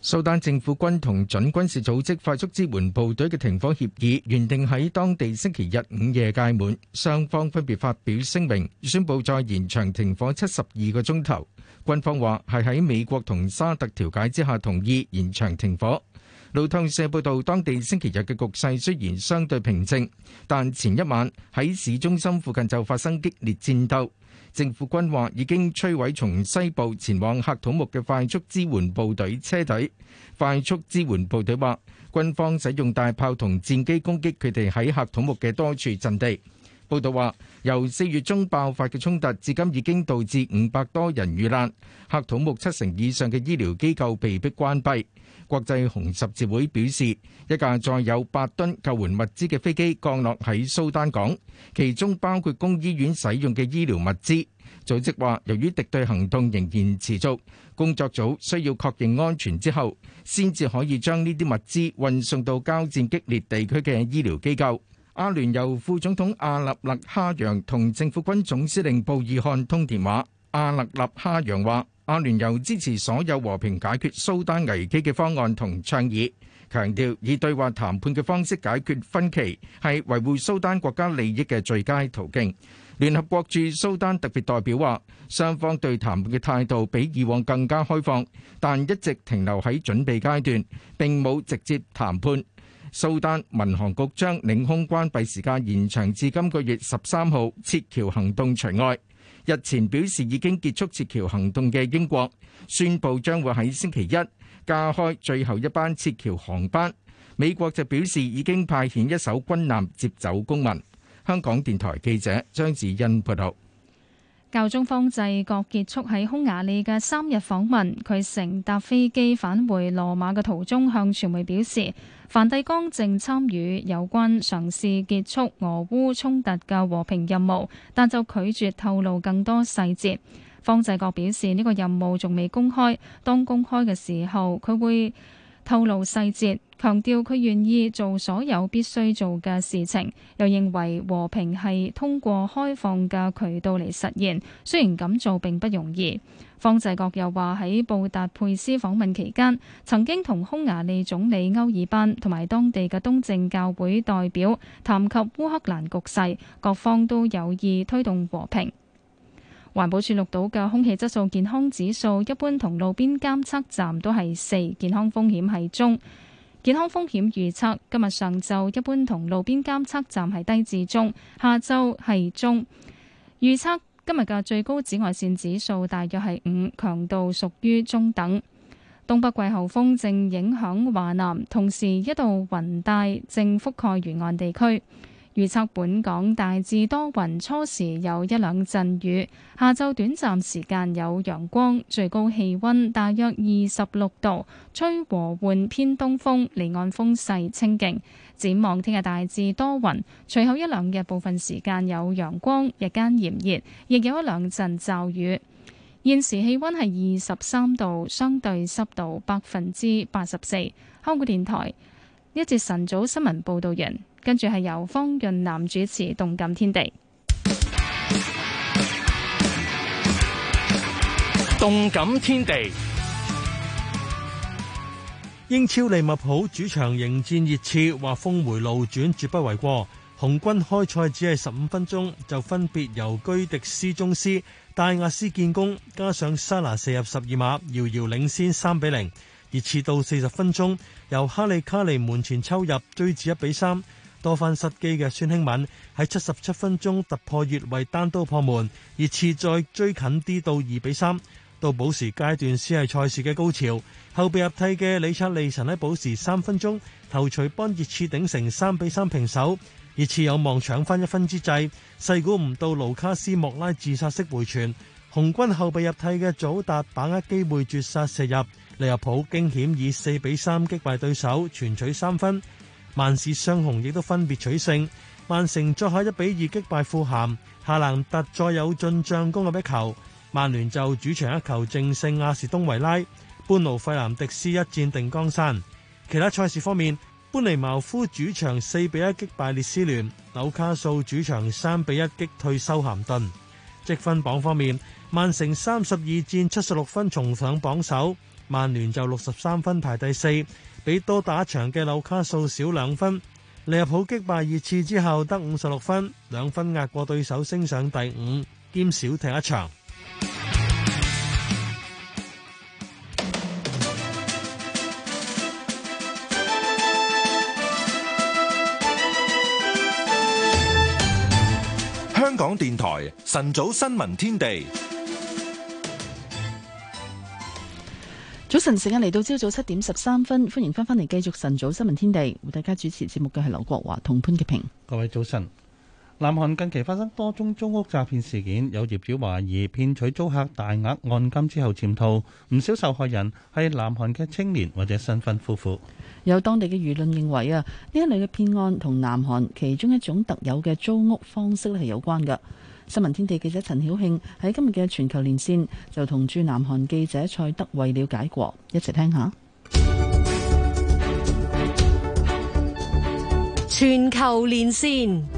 蘇丹政府軍同準軍事組織快速支援部隊嘅停火協議，原定喺當地星期日午夜屆滿，雙方分別發表聲明，宣布再延長停火七十二個鐘頭。軍方話係喺美國同沙特調解之下同意延長停火。路透社報道，當地星期日嘅局勢雖然相對平靜，但前一晚喺市中心附近就發生激烈戰鬥。政府軍話已經摧毀從西部前往喀土穆嘅快速支援部隊車隊。快速支援部隊話，軍方使用大炮同戰機攻擊佢哋喺喀土穆嘅多處陣地。報道話，由四月中爆發嘅衝突至今已經導致五百多人遇難，喀土穆七成以上嘅醫療機構被迫關閉。國際紅十字會表示，一架載有八噸救援物資嘅飛機降落喺蘇丹港，其中包括供醫院使用嘅醫療物資。組織話，由於敵對行動仍然持續，工作組需要確認安全之後，先至可以將呢啲物資運送到交戰激烈地區嘅醫療機構。阿聯酋副總統阿勒納哈揚同政府軍總司令布爾漢通電話。阿勒納哈揚話。阿聯酋支持所有和平解決蘇丹危機嘅方案同倡議，強調以對話談判嘅方式解決分歧，係維護蘇丹國家利益嘅最佳途徑。聯合國駐蘇丹特別代表話，雙方對談判嘅態度比以往更加開放，但一直停留喺準備階段，並冇直接談判。蘇丹民航局將領空關閉時間延長至今個月十三號，撤僑行動除外。日前表示已經結束撤僑行動嘅英國宣布將會喺星期一加開最後一班撤僑航班。美國就表示已經派遣一艘軍艦接走公民。香港電台記者張子欣報道。教宗方濟各結束喺匈牙利嘅三日訪問，佢乘搭飛機返回羅馬嘅途中，向傳媒表示，梵蒂岡正參與有關嘗試結束俄烏衝突嘅和平任務，但就拒絕透露更多細節。方濟各表示呢個任務仲未公開，當公開嘅時候，佢會透露細節，強調佢願意做所有必須做嘅事情，又認為和平係通過開放嘅渠道嚟實現。雖然咁做並不容易。方濟各又話：喺布達佩斯訪問期間，曾經同匈牙利總理歐爾班同埋當地嘅東正教會代表談及烏克蘭局勢，各方都有意推動和平。環保署錄到嘅空氣質素健康指數一般同路邊監測站都係四，健康風險係中。健康風險預測今日上晝一般同路邊監測站係低至中，下晝係中。預測今日嘅最高紫外線指數大約係五，強度屬於中等。東北季候風正影響華南，同時一度雲帶正覆蓋沿岸地區。預測本港大致多雲，初時有一兩陣雨，下晝短暫時間有陽光，最高氣溫大約二十六度，吹和緩偏東風，離岸風勢清勁。展望聽日大致多雲，隨後一兩日部分時間有陽光，日間炎熱，亦有一兩陣驟雨。現時氣溫係二十三度，相對濕度百分之八十四。香港電台：一節晨早新聞報道完。跟住係由方潤南主持《動感天地》。動感天地，英超利物浦主場迎戰熱刺，話峰迴路轉，絕不為過。紅軍開賽只係十五分鐘就分別由居迪斯宗斯、戴亞斯建功，加上莎拿射入十二碼，遙遙領先三比零。熱刺到四十分鐘，由哈利卡尼門前抽入追至一比三。多番失機嘅孫興敏喺七十七分鐘突破越位單刀破門，熱刺再追近啲到二比三。到補時階段先係賽事嘅高潮，後備入替嘅李察利臣喺補時三分鐘頭錘幫熱刺頂成三比三平手，熱刺有望搶翻一分之際，勢估唔到盧卡斯莫拉自殺式回傳，紅軍後備入替嘅祖達把握機會絕殺射入，利物浦驚險以四比三擊敗對手，全取三分。曼市雙雄亦都分別取勝，曼城作客一比二擊敗富咸，夏蘭特再有進帳攻入一球，曼聯就主場一球淨勝亞士東維拉，搬奴費南迪斯一戰定江山。其他賽事方面，搬尼茅夫主場四比一擊敗列斯聯，紐卡素主場三比一擊退修咸頓。積分榜方面，曼城三十二戰七十六分重上榜首，曼聯就六十三分排第四。比多打一場嘅紐卡素少兩分，利物浦擊敗熱刺之後得五十六分，兩分壓過對手升上第五，兼少踢一場。香港電台晨早新聞天地。早晨，時間嚟到朝早七點十三分，歡迎翻返嚟繼續晨早新聞天地，為大家主持節目嘅係劉國華同潘潔平。各位早晨。南韓近期發生多宗租屋詐騙事件，有業主懷疑騙取租客大額按金之後潛逃，唔少受害人係南韓嘅青年或者新婚夫婦。有當地嘅輿論認為啊，呢一類嘅騙案同南韓其中一種特有嘅租屋方式咧係有關嘅。新聞天地記者陳曉慶喺今日嘅全球連線就同駐南韓記者蔡德偉了解過，一齊聽下全球連線。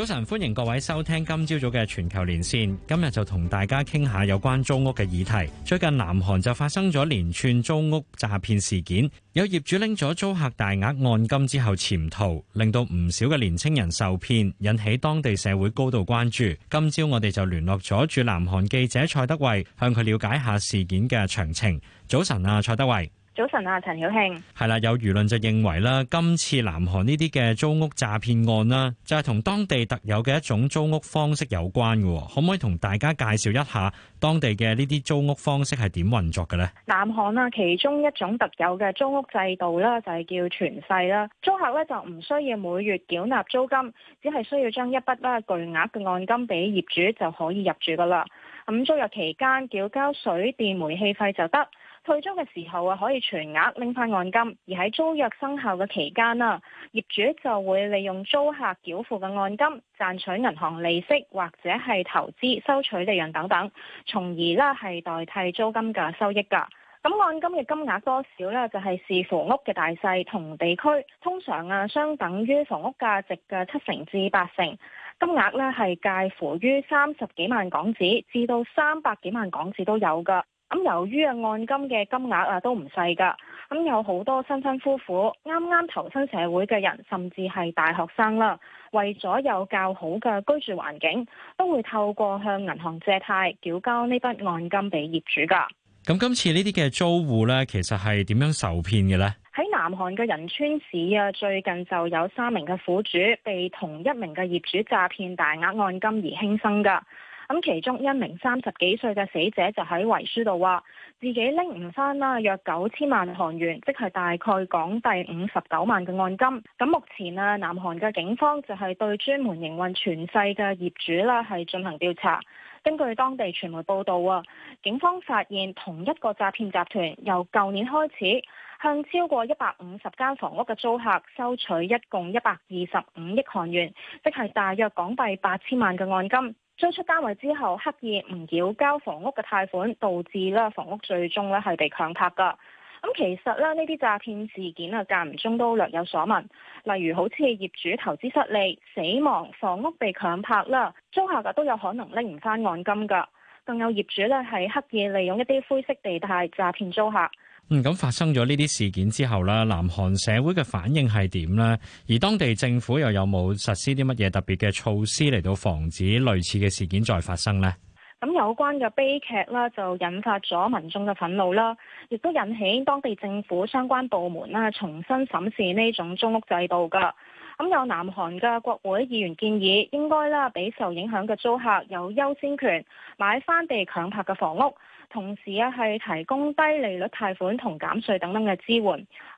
早晨，歡迎各位收聽今朝早嘅全球連線。今日就同大家傾下有關租屋嘅議題。最近南韓就發生咗連串租屋詐騙事件，有業主拎咗租客大額按金之後潛逃，令到唔少嘅年青人受騙，引起當地社會高度關注。今朝我哋就聯絡咗駐南韓記者蔡德偉，向佢了解下事件嘅詳情。早晨啊，蔡德偉。早晨啊，陳曉慶係啦，有輿論就認為啦，今次南韓呢啲嘅租屋詐騙案啦，就係、是、同當地特有嘅一種租屋方式有關嘅。可唔可以同大家介紹一下當地嘅呢啲租屋方式係點運作嘅呢？南韓啊，其中一種特有嘅租屋制度啦，就係叫全稅啦。租客咧就唔需要每月繳納租金，只係需要將一筆啦巨額嘅按金俾業主就可以入住噶啦。咁租約期間繳交水電煤氣費就得。退租嘅時候啊，可以全額拎翻按金；而喺租約生效嘅期間啦，業主就會利用租客繳付嘅按金賺取銀行利息或者係投資收取利潤等等，從而呢係代替租金嘅收益㗎。咁按金嘅金額多少呢？就係視乎屋嘅大細同地區，通常啊，相等於房屋價值嘅七成至八成，金額呢係介乎於三十幾萬港紙至到三百幾萬港紙都有㗎。咁由於啊，按金嘅金額啊都唔細噶，咁有好多新婚夫婦、啱啱投身社會嘅人，甚至係大學生啦，為咗有較好嘅居住環境，都會透過向銀行借貸繳交呢筆按金俾業主噶。咁今次呢啲嘅租戶呢，其實係點樣受騙嘅呢？喺南韓嘅仁川市啊，最近就有三名嘅苦主被同一名嘅業主詐騙大額按金而輕生噶。咁其中一名三十幾歲嘅死者就喺遺書度話自己拎唔翻啦，約九千萬韓元，即係大概港幣五十九萬嘅按金。咁目前啊，南韓嘅警方就係對專門營運全世嘅業主啦，係進行調查。根據當地傳媒報道啊，警方發現同一個詐騙集團由舊年開始向超過一百五十間房屋嘅租客收取一共一百二十五億韓元，即係大約港幣八千萬嘅按金。租出單位之後，刻意唔繳交房屋嘅貸款，導致咧房屋最終咧係被強拍㗎。咁其實咧呢啲詐騙事件啊，間唔中都略有所聞，例如好似業主投資失利、死亡、房屋被強拍啦，租客嘅都有可能拎唔返按金㗎。更有業主咧係刻意利用一啲灰色地帶詐騙租客。咁、嗯、發生咗呢啲事件之後咧，南韓社會嘅反應係點呢？而當地政府又有冇實施啲乜嘢特別嘅措施嚟到防止類似嘅事件再發生呢？咁有關嘅悲劇啦，就引發咗民眾嘅憤怒啦，亦都引起當地政府相關部門啦重新審視呢種租屋制度噶。咁有南韓嘅國會議員建議，應該啦俾受影響嘅租客有優先權買翻被強拍嘅房屋。同時啊，係提供低利率貸款同減稅等等嘅支援。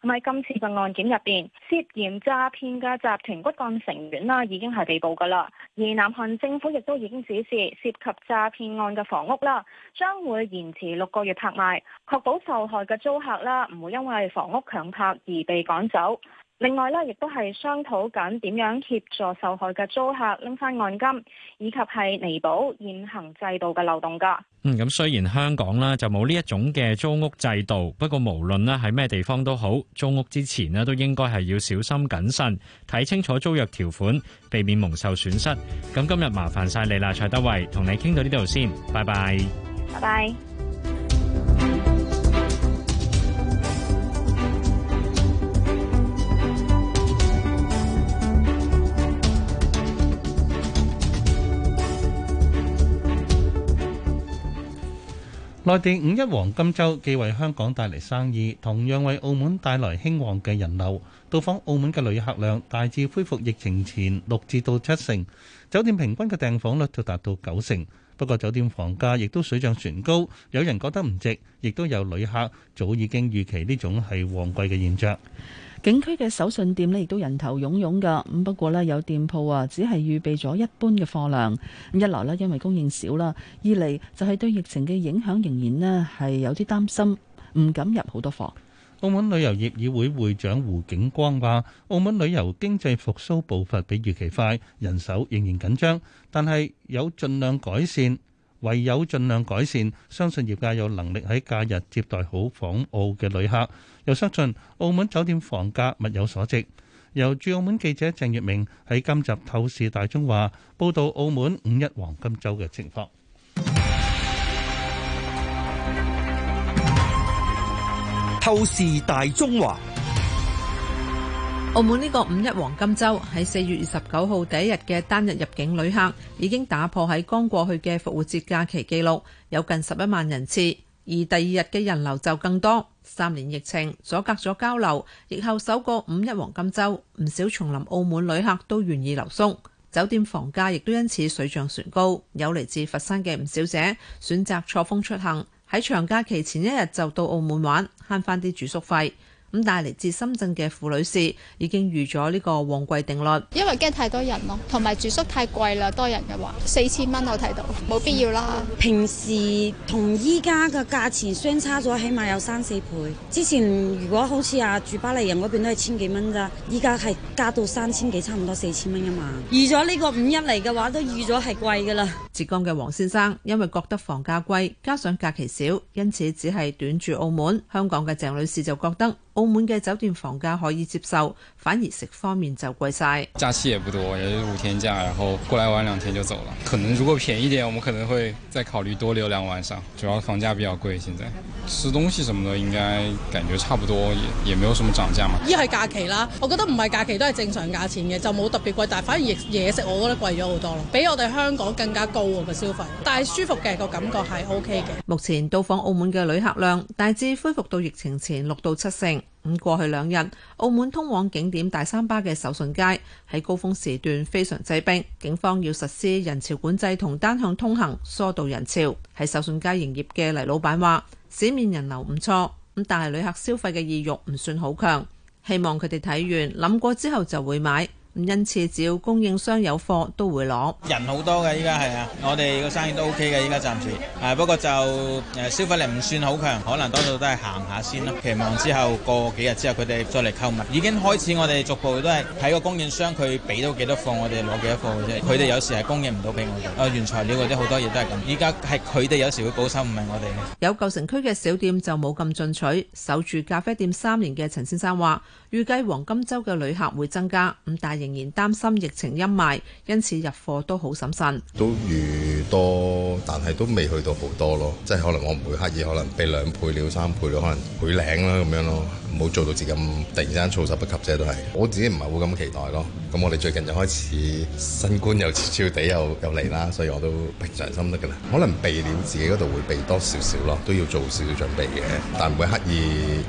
喺今次嘅案件入邊，涉嫌詐騙嘅集團骨幹成員啦，已經係被捕㗎啦。而南韓政府亦都已經指示，涉及詐騙案嘅房屋啦，將會延遲六個月拍賣，確保受害嘅租客啦，唔會因為房屋強拍而被趕走。另外咧，亦都係商討緊點樣協助受害嘅租客拎翻按金，以及係彌補現行制度嘅漏洞噶。嗯，咁雖然香港咧就冇呢一種嘅租屋制度，不過無論咧喺咩地方都好，租屋之前咧都應該係要小心謹慎，睇清楚租約條款，避免蒙受損失。咁今日麻煩晒你啦，蔡德慧，同你傾到呢度先，拜拜，拜拜。內地五一黃金週既為香港帶嚟生意，同樣為澳門帶來興旺嘅人流。到訪澳門嘅旅客量大致恢復疫情前六至到七成，酒店平均嘅訂房率就達到九成。不過酒店房價亦都水漲船高，有人覺得唔值，亦都有旅客早已經預期呢種係旺季嘅現象。景區嘅手信店呢，亦都人頭湧湧噶。咁不過呢，有店鋪啊，只係預備咗一般嘅貨量。咁一來呢，因為供應少啦；二嚟就係對疫情嘅影響仍然呢係有啲擔心，唔敢入好多貨。澳門旅遊業議會會長胡景光話，澳門旅遊經濟復甦步伐比預期快，人手仍然緊張，但係有盡量改善，唯有盡量改善，相信業界有能力喺假日接待好訪澳嘅旅客。又相信澳門酒店房價物有所值，由駐澳門記者鄭月明喺今集透視大中華報道澳門五一黃金周嘅情況。透視大中華，澳門呢個五一黃金周喺四月二十九號第一日嘅單日入境旅客已經打破喺剛過去嘅復活節假期記錄，有近十一萬人次，而第二日嘅人流就更多。三年疫情阻隔咗交流，疫後首個五一黃金周，唔少重臨澳門旅客都願意留宿，酒店房價亦都因此水漲船高。有嚟自佛山嘅吳小姐選擇錯峰出行，喺長假期前一日就到澳門玩，慳翻啲住宿費。咁但係嚟自深圳嘅付女士已經預咗呢個旺季定律，因為驚太多人咯，同埋住宿太貴啦。多人嘅話四千蚊，4，我睇到冇必要啦。平時同依家嘅價錢相差咗，起碼有三四倍。之前如果好似啊住巴黎人嗰邊都係千幾蚊咋，依家係加到三千幾，差唔多四千蚊一晚。預咗呢個五一嚟嘅話，都預咗係貴噶啦。浙江嘅黃先生因為覺得房價貴，加上假期少，因此只係短住澳門。香港嘅鄭女士就覺得。澳門嘅酒店房價可以接受，反而食方面就貴晒。假期也不多，也就是五天假，然後過來玩兩天就走了。可能如果便宜點，我們可能會再考慮多留兩晚上。主要房價比較貴，現在吃東西什麼的應該感覺差不多，也也沒有什麼漲價嘛。依係假期啦，我覺得唔係假期都係正常價錢嘅，就冇特別貴，但係反而食嘢，食我覺得貴咗好多咯，比我哋香港更加高嘅消費。但係舒服嘅個感覺係 OK 嘅。目前到訪澳門嘅旅客量大致恢復到疫情前六到七成。咁過去兩日，澳門通往景點大三巴嘅手信街喺高峰時段非常擠逼，警方要實施人潮管制同單向通行，疏導人潮。喺手信街營業嘅黎老闆話：市面人流唔錯，咁但係旅客消費嘅意欲唔算好強，希望佢哋睇完諗過之後就會買。因此，只要供應商有貨都會攞。人好多嘅依家係啊，我哋個生意都 OK 嘅依家暫時。係，不過就誒消費力唔算好強，可能多數都係行下先咯。期望之後過幾日之後佢哋再嚟購物。已經開始我哋逐步都係睇個供應商佢俾到幾多貨，我哋攞幾多貨啫。佢哋有時係供應唔到俾我哋。啊，原材料嗰啲好多嘢都係咁。依家係佢哋有時會保守，唔係我哋。有舊城區嘅小店就冇咁進取，守住咖啡店三年嘅陳先生話，預計黃金周嘅旅客會增加。咁大。仍然擔心疫情陰霾，因此入貨都好審慎。都預多，但係都未去到好多咯。即係可能我唔會刻意，可能俾兩倍了、三倍了，可能倍零啦咁樣咯。冇做到自己咁突然之間措手不及啫，都係我自己唔係會咁期待咯。咁我哋最近就開始新冠又悄悄地又又嚟啦，所以我都平常心得噶啦。可能備料自己嗰度會備多少少咯，都要做少少準備嘅，但唔會刻意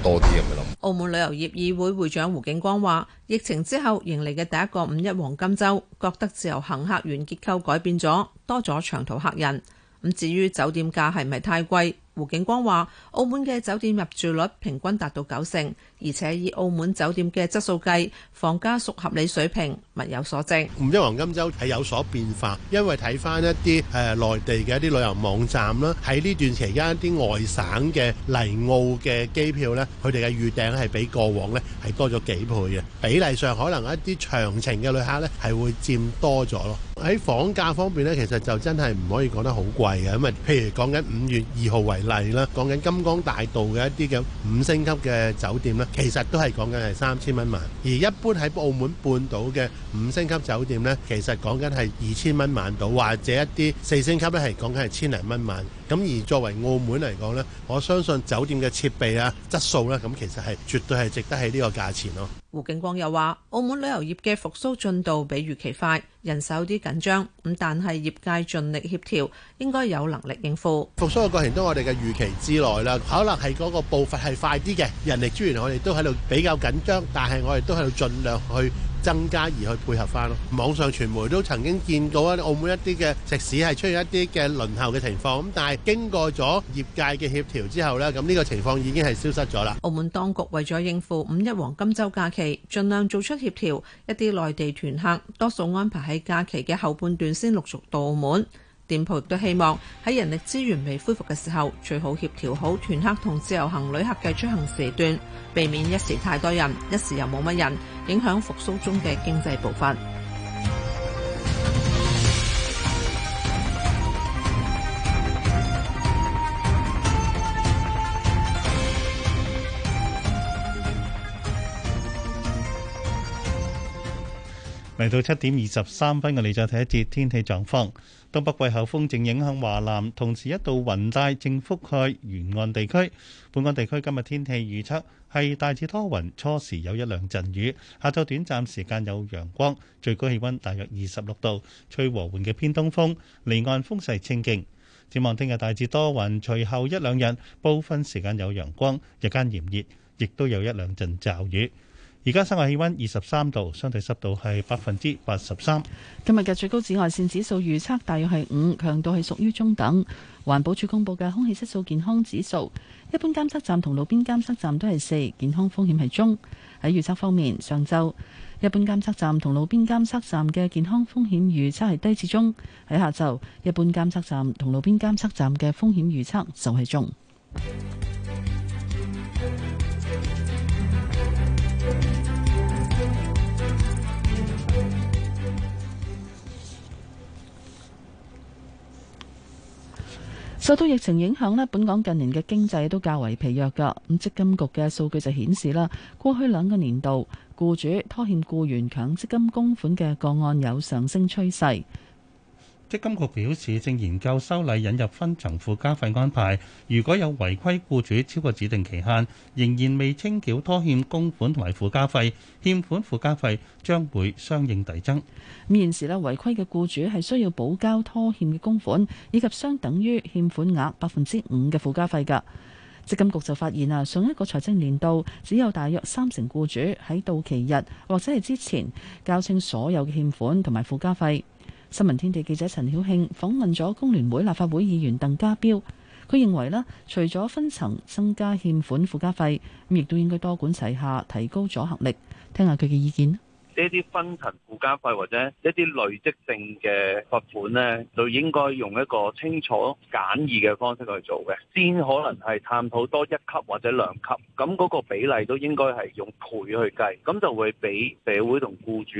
多啲咁去諗。澳門旅遊業議會會長胡景光話：疫情之後迎嚟嘅第一個五一黃金週，覺得自由行客源結構改變咗，多咗長途客人。咁至於酒店價係咪太貴？胡景光話，澳門嘅酒店入住率平均達到九成。而且以澳門酒店嘅質素計，房價屬合理水平，物有所值。五一黃金週係有所變化，因為睇翻一啲誒內地嘅一啲旅遊網站啦，喺呢段期間一啲外省嘅嚟澳嘅機票咧，佢哋嘅預訂係比過往咧係多咗幾倍嘅比例上，可能一啲長程嘅旅客咧係會佔多咗咯。喺房價方面咧，其實就真係唔可以講得好貴嘅，因為譬如講緊五月二號為例啦，講緊金光大道嘅一啲嘅五星級嘅酒店咧。其實都係講緊係三千蚊晚，而一般喺澳門半島嘅五星級酒店呢，其實講緊係二千蚊晚到，或者一啲四星級咧係講緊係千零蚊晚。咁而作為澳門嚟講呢，我相信酒店嘅設備啊、質素呢、啊，咁其實係絕對係值得喺呢個價錢咯、啊。胡景光又話，澳門旅遊業嘅復甦進度比預期快，人手有啲緊張，咁但係業界盡力協調，應該有能力應付。復甦嘅過程都我哋嘅預期之內啦。可能係嗰個步伐係快啲嘅，人力資源我哋都喺度比較緊張，但係我哋都喺度盡量去。增加而去配合翻咯，網上傳媒都曾經見到啊，澳門一啲嘅食肆係出現一啲嘅輪候嘅情況，咁但係經過咗業界嘅協調之後呢，咁呢個情況已經係消失咗啦。澳門當局為咗應付五一黃金週假期，盡量做出協調，一啲內地團客多數安排喺假期嘅後半段先陸續到澳門。店鋪都希望喺人力資源未恢復嘅時候，最好協調好團客同自由行旅客嘅出行時段，避免一時太多人，一時又冇乜人，影響復甦中嘅經濟步伐。嚟到七點二十三分，我哋再睇一節天氣狀況，東北季候風正影響華南，同時一度雲帶正覆蓋沿岸地區。本港地區今日天氣預測係大致多雲，初時有一兩陣雨，下晝短暫時間有陽光，最高氣溫大約二十六度，吹和緩嘅偏東風。離岸風勢清勁。展望聽日大致多雲，隨後一兩日部分時間有陽光，日間炎熱，亦都有一兩陣驟雨。而家室外氣溫二十三度，相對濕度係百分之八十三。今日嘅最高紫外線指數預測大約係五，強度係屬於中等。環保署公布嘅空氣質素健康指數，一般監測站同路邊監測站都係四，健康風險係中。喺預測方面，上晝一般監測站同路邊監測站嘅健康風險預測係低至中；喺下晝，一般監測站同路邊監測站嘅風險預測就係中。受到疫情影響咧，本港近年嘅經濟都較為疲弱㗎。咁積金局嘅數據就顯示啦，過去兩個年度，雇主拖欠雇員強積金供款嘅個案有上升趨勢。積金局表示，正研究修例引入分層附加費安排。如果有違規僱主超過指定期限，仍然未清繳拖欠供款同埋附加費，欠款附加費將會相應遞增。咁、嗯、現時違規嘅僱主係需要補交拖欠嘅供款以及相等於欠款額百分之五嘅附加費㗎。積金局就發現啊，上一個財政年度只有大約三成僱主喺到期日或者係之前交清所有嘅欠款同埋附加費。新聞天地記者陳曉慶訪問咗工聯會立法會議員鄧家彪，佢認為呢，除咗分層增加欠款附加費，咁亦都應該多管齊下，提高阻嚇力。聽下佢嘅意見。呢啲分層附加費或者一啲累積性嘅罰款呢，就應該用一個清楚簡易嘅方式去做嘅，先可能係探討多一級或者兩級，咁嗰個比例都應該係用倍去計，咁就會俾社會同僱主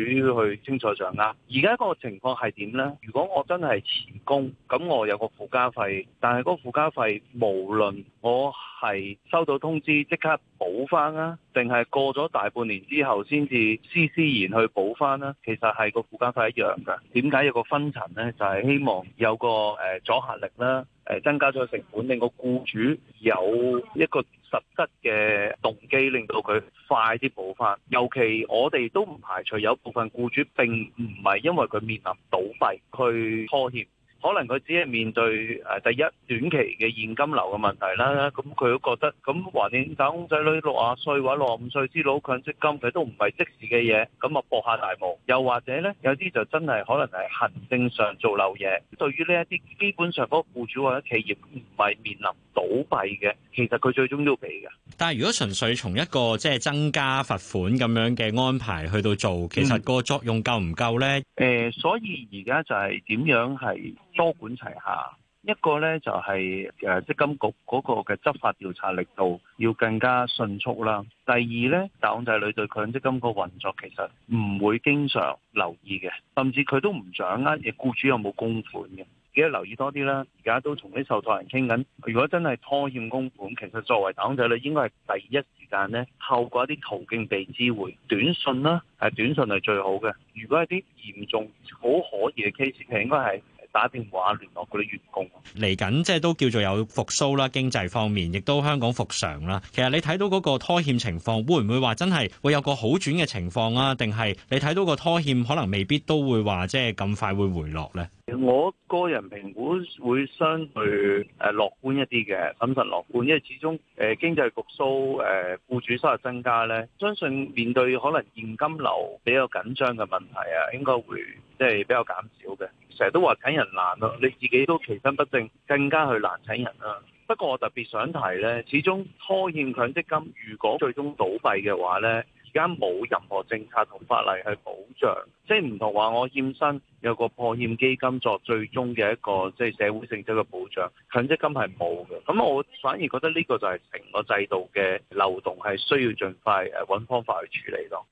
去清楚掌握。而家個情況係點呢？如果我真係辭工，咁我有個附加費，但係嗰個附加費無論我係收到通知即刻補翻啊，定係過咗大半年之後先至思思而。連去補翻啦，其實係個附加費一樣㗎。點解有個分層呢？就係、是、希望有個誒、呃、阻嚇力啦，誒、呃、增加咗成本，令個僱主有一個實質嘅動機，令到佢快啲補翻。尤其我哋都唔排除有部分僱主並唔係因為佢面臨倒閉，佢拖欠。可能佢只係面對誒第一短期嘅現金流嘅問題啦，咁佢都覺得咁打工仔女六十歲或者六十五歲之老強積金，佢都唔係即時嘅嘢，咁啊博下大霧。又或者咧，有啲就真係可能係行政上做漏嘢。對於呢一啲基本上嗰個僱主或者企業唔係面臨倒閉嘅，其實佢最終都要俾嘅。但係如果純粹從一個即係增加罰款咁樣嘅安排去到做，其實個作用夠唔夠咧？誒，所以而家就係點樣係？多管齊下，一個呢，就係誒積金局嗰個嘅執法調查力度要更加迅速啦。第二呢，打工仔女對強積金個運作其實唔會經常留意嘅，甚至佢都唔掌握嘅僱主有冇供款嘅。記得留意多啲啦。而家都同啲受託人傾緊，如果真係拖欠供款，其實作為打工仔女應該係第一時間呢，透過一啲途徑被知會，短信啦，係短信係最好嘅。如果一啲嚴重好可疑嘅 case，佢應該係。打電話聯絡嗰啲員工嚟緊，即係都叫做有復甦啦。經濟方面，亦都香港復常啦。其實你睇到嗰個拖欠情況，會唔會話真係會有個好轉嘅情況啊？定係你睇到個拖欠可能未必都會話即係咁快會回落咧？我個人評估會相對誒樂觀一啲嘅，審慎樂觀，因為始終誒、呃、經濟復甦，誒、呃、僱主收入增加咧，相信面對可能現金流比較緊張嘅問題啊，應該會即係、就是、比較減少嘅。成日都話請人難咯、啊，你自己都其身不正，更加去難請人啦、啊。不過我特別想提呢，始終拖欠強積金，如果最終倒閉嘅話呢，而家冇任何政策同法例去保障，即係唔同話我欠薪有個破欠基金作最終嘅一個即係、就是、社會性質嘅保障，強積金係冇嘅。咁我反而覺得呢個就係成個制度嘅漏洞，係需要盡快揾方法去處理咯。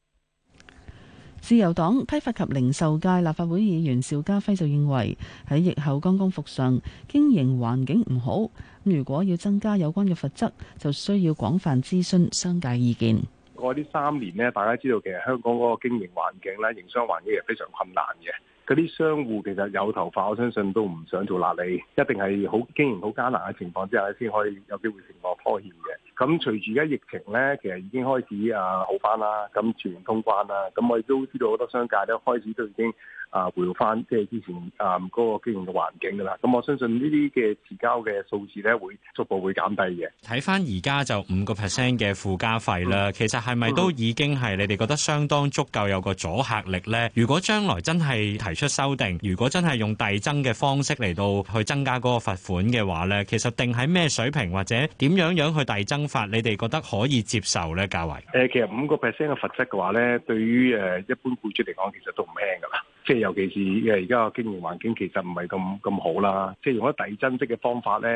自由黨批發及零售界立法會議員邵家輝就認為，喺疫後剛剛復常，經營環境唔好，如果要增加有關嘅罰則，就需要廣泛諮詢商界意見。過呢三年呢，大家知道其實香港嗰個經營環境咧，營商環境係非常困難嘅。嗰啲商戶其實有頭髮，我相信都唔想做癩痢，一定係好經營好艱難嘅情況之下，先可以有機會情況拖欠嘅。咁隨住而家疫情咧，其實已經開始啊好返啦，咁全面通關啦，咁我亦都知道好多商界都開始都已經。啊，回覆翻即係之前啊嗰個金融嘅環境噶啦，咁我相信呢啲嘅遲交嘅數字咧，會逐步會減低嘅。睇翻而家就五個 percent 嘅附加費啦，嗯、其實係咪都已經係你哋覺得相當足夠有個阻嚇力咧？如果將來真係提出修訂，如果真係用遞增嘅方式嚟到去增加嗰個罰款嘅話咧，其實定喺咩水平或者點樣樣去遞增法，你哋覺得可以接受咧？價位？誒，其實五個 percent 嘅罰息嘅話咧，對於誒一般僱主嚟講，其實都唔輕噶啦。即係尤其是誒而家個經營環境其實唔係咁咁好啦，即係用一啲遞增式嘅方法咧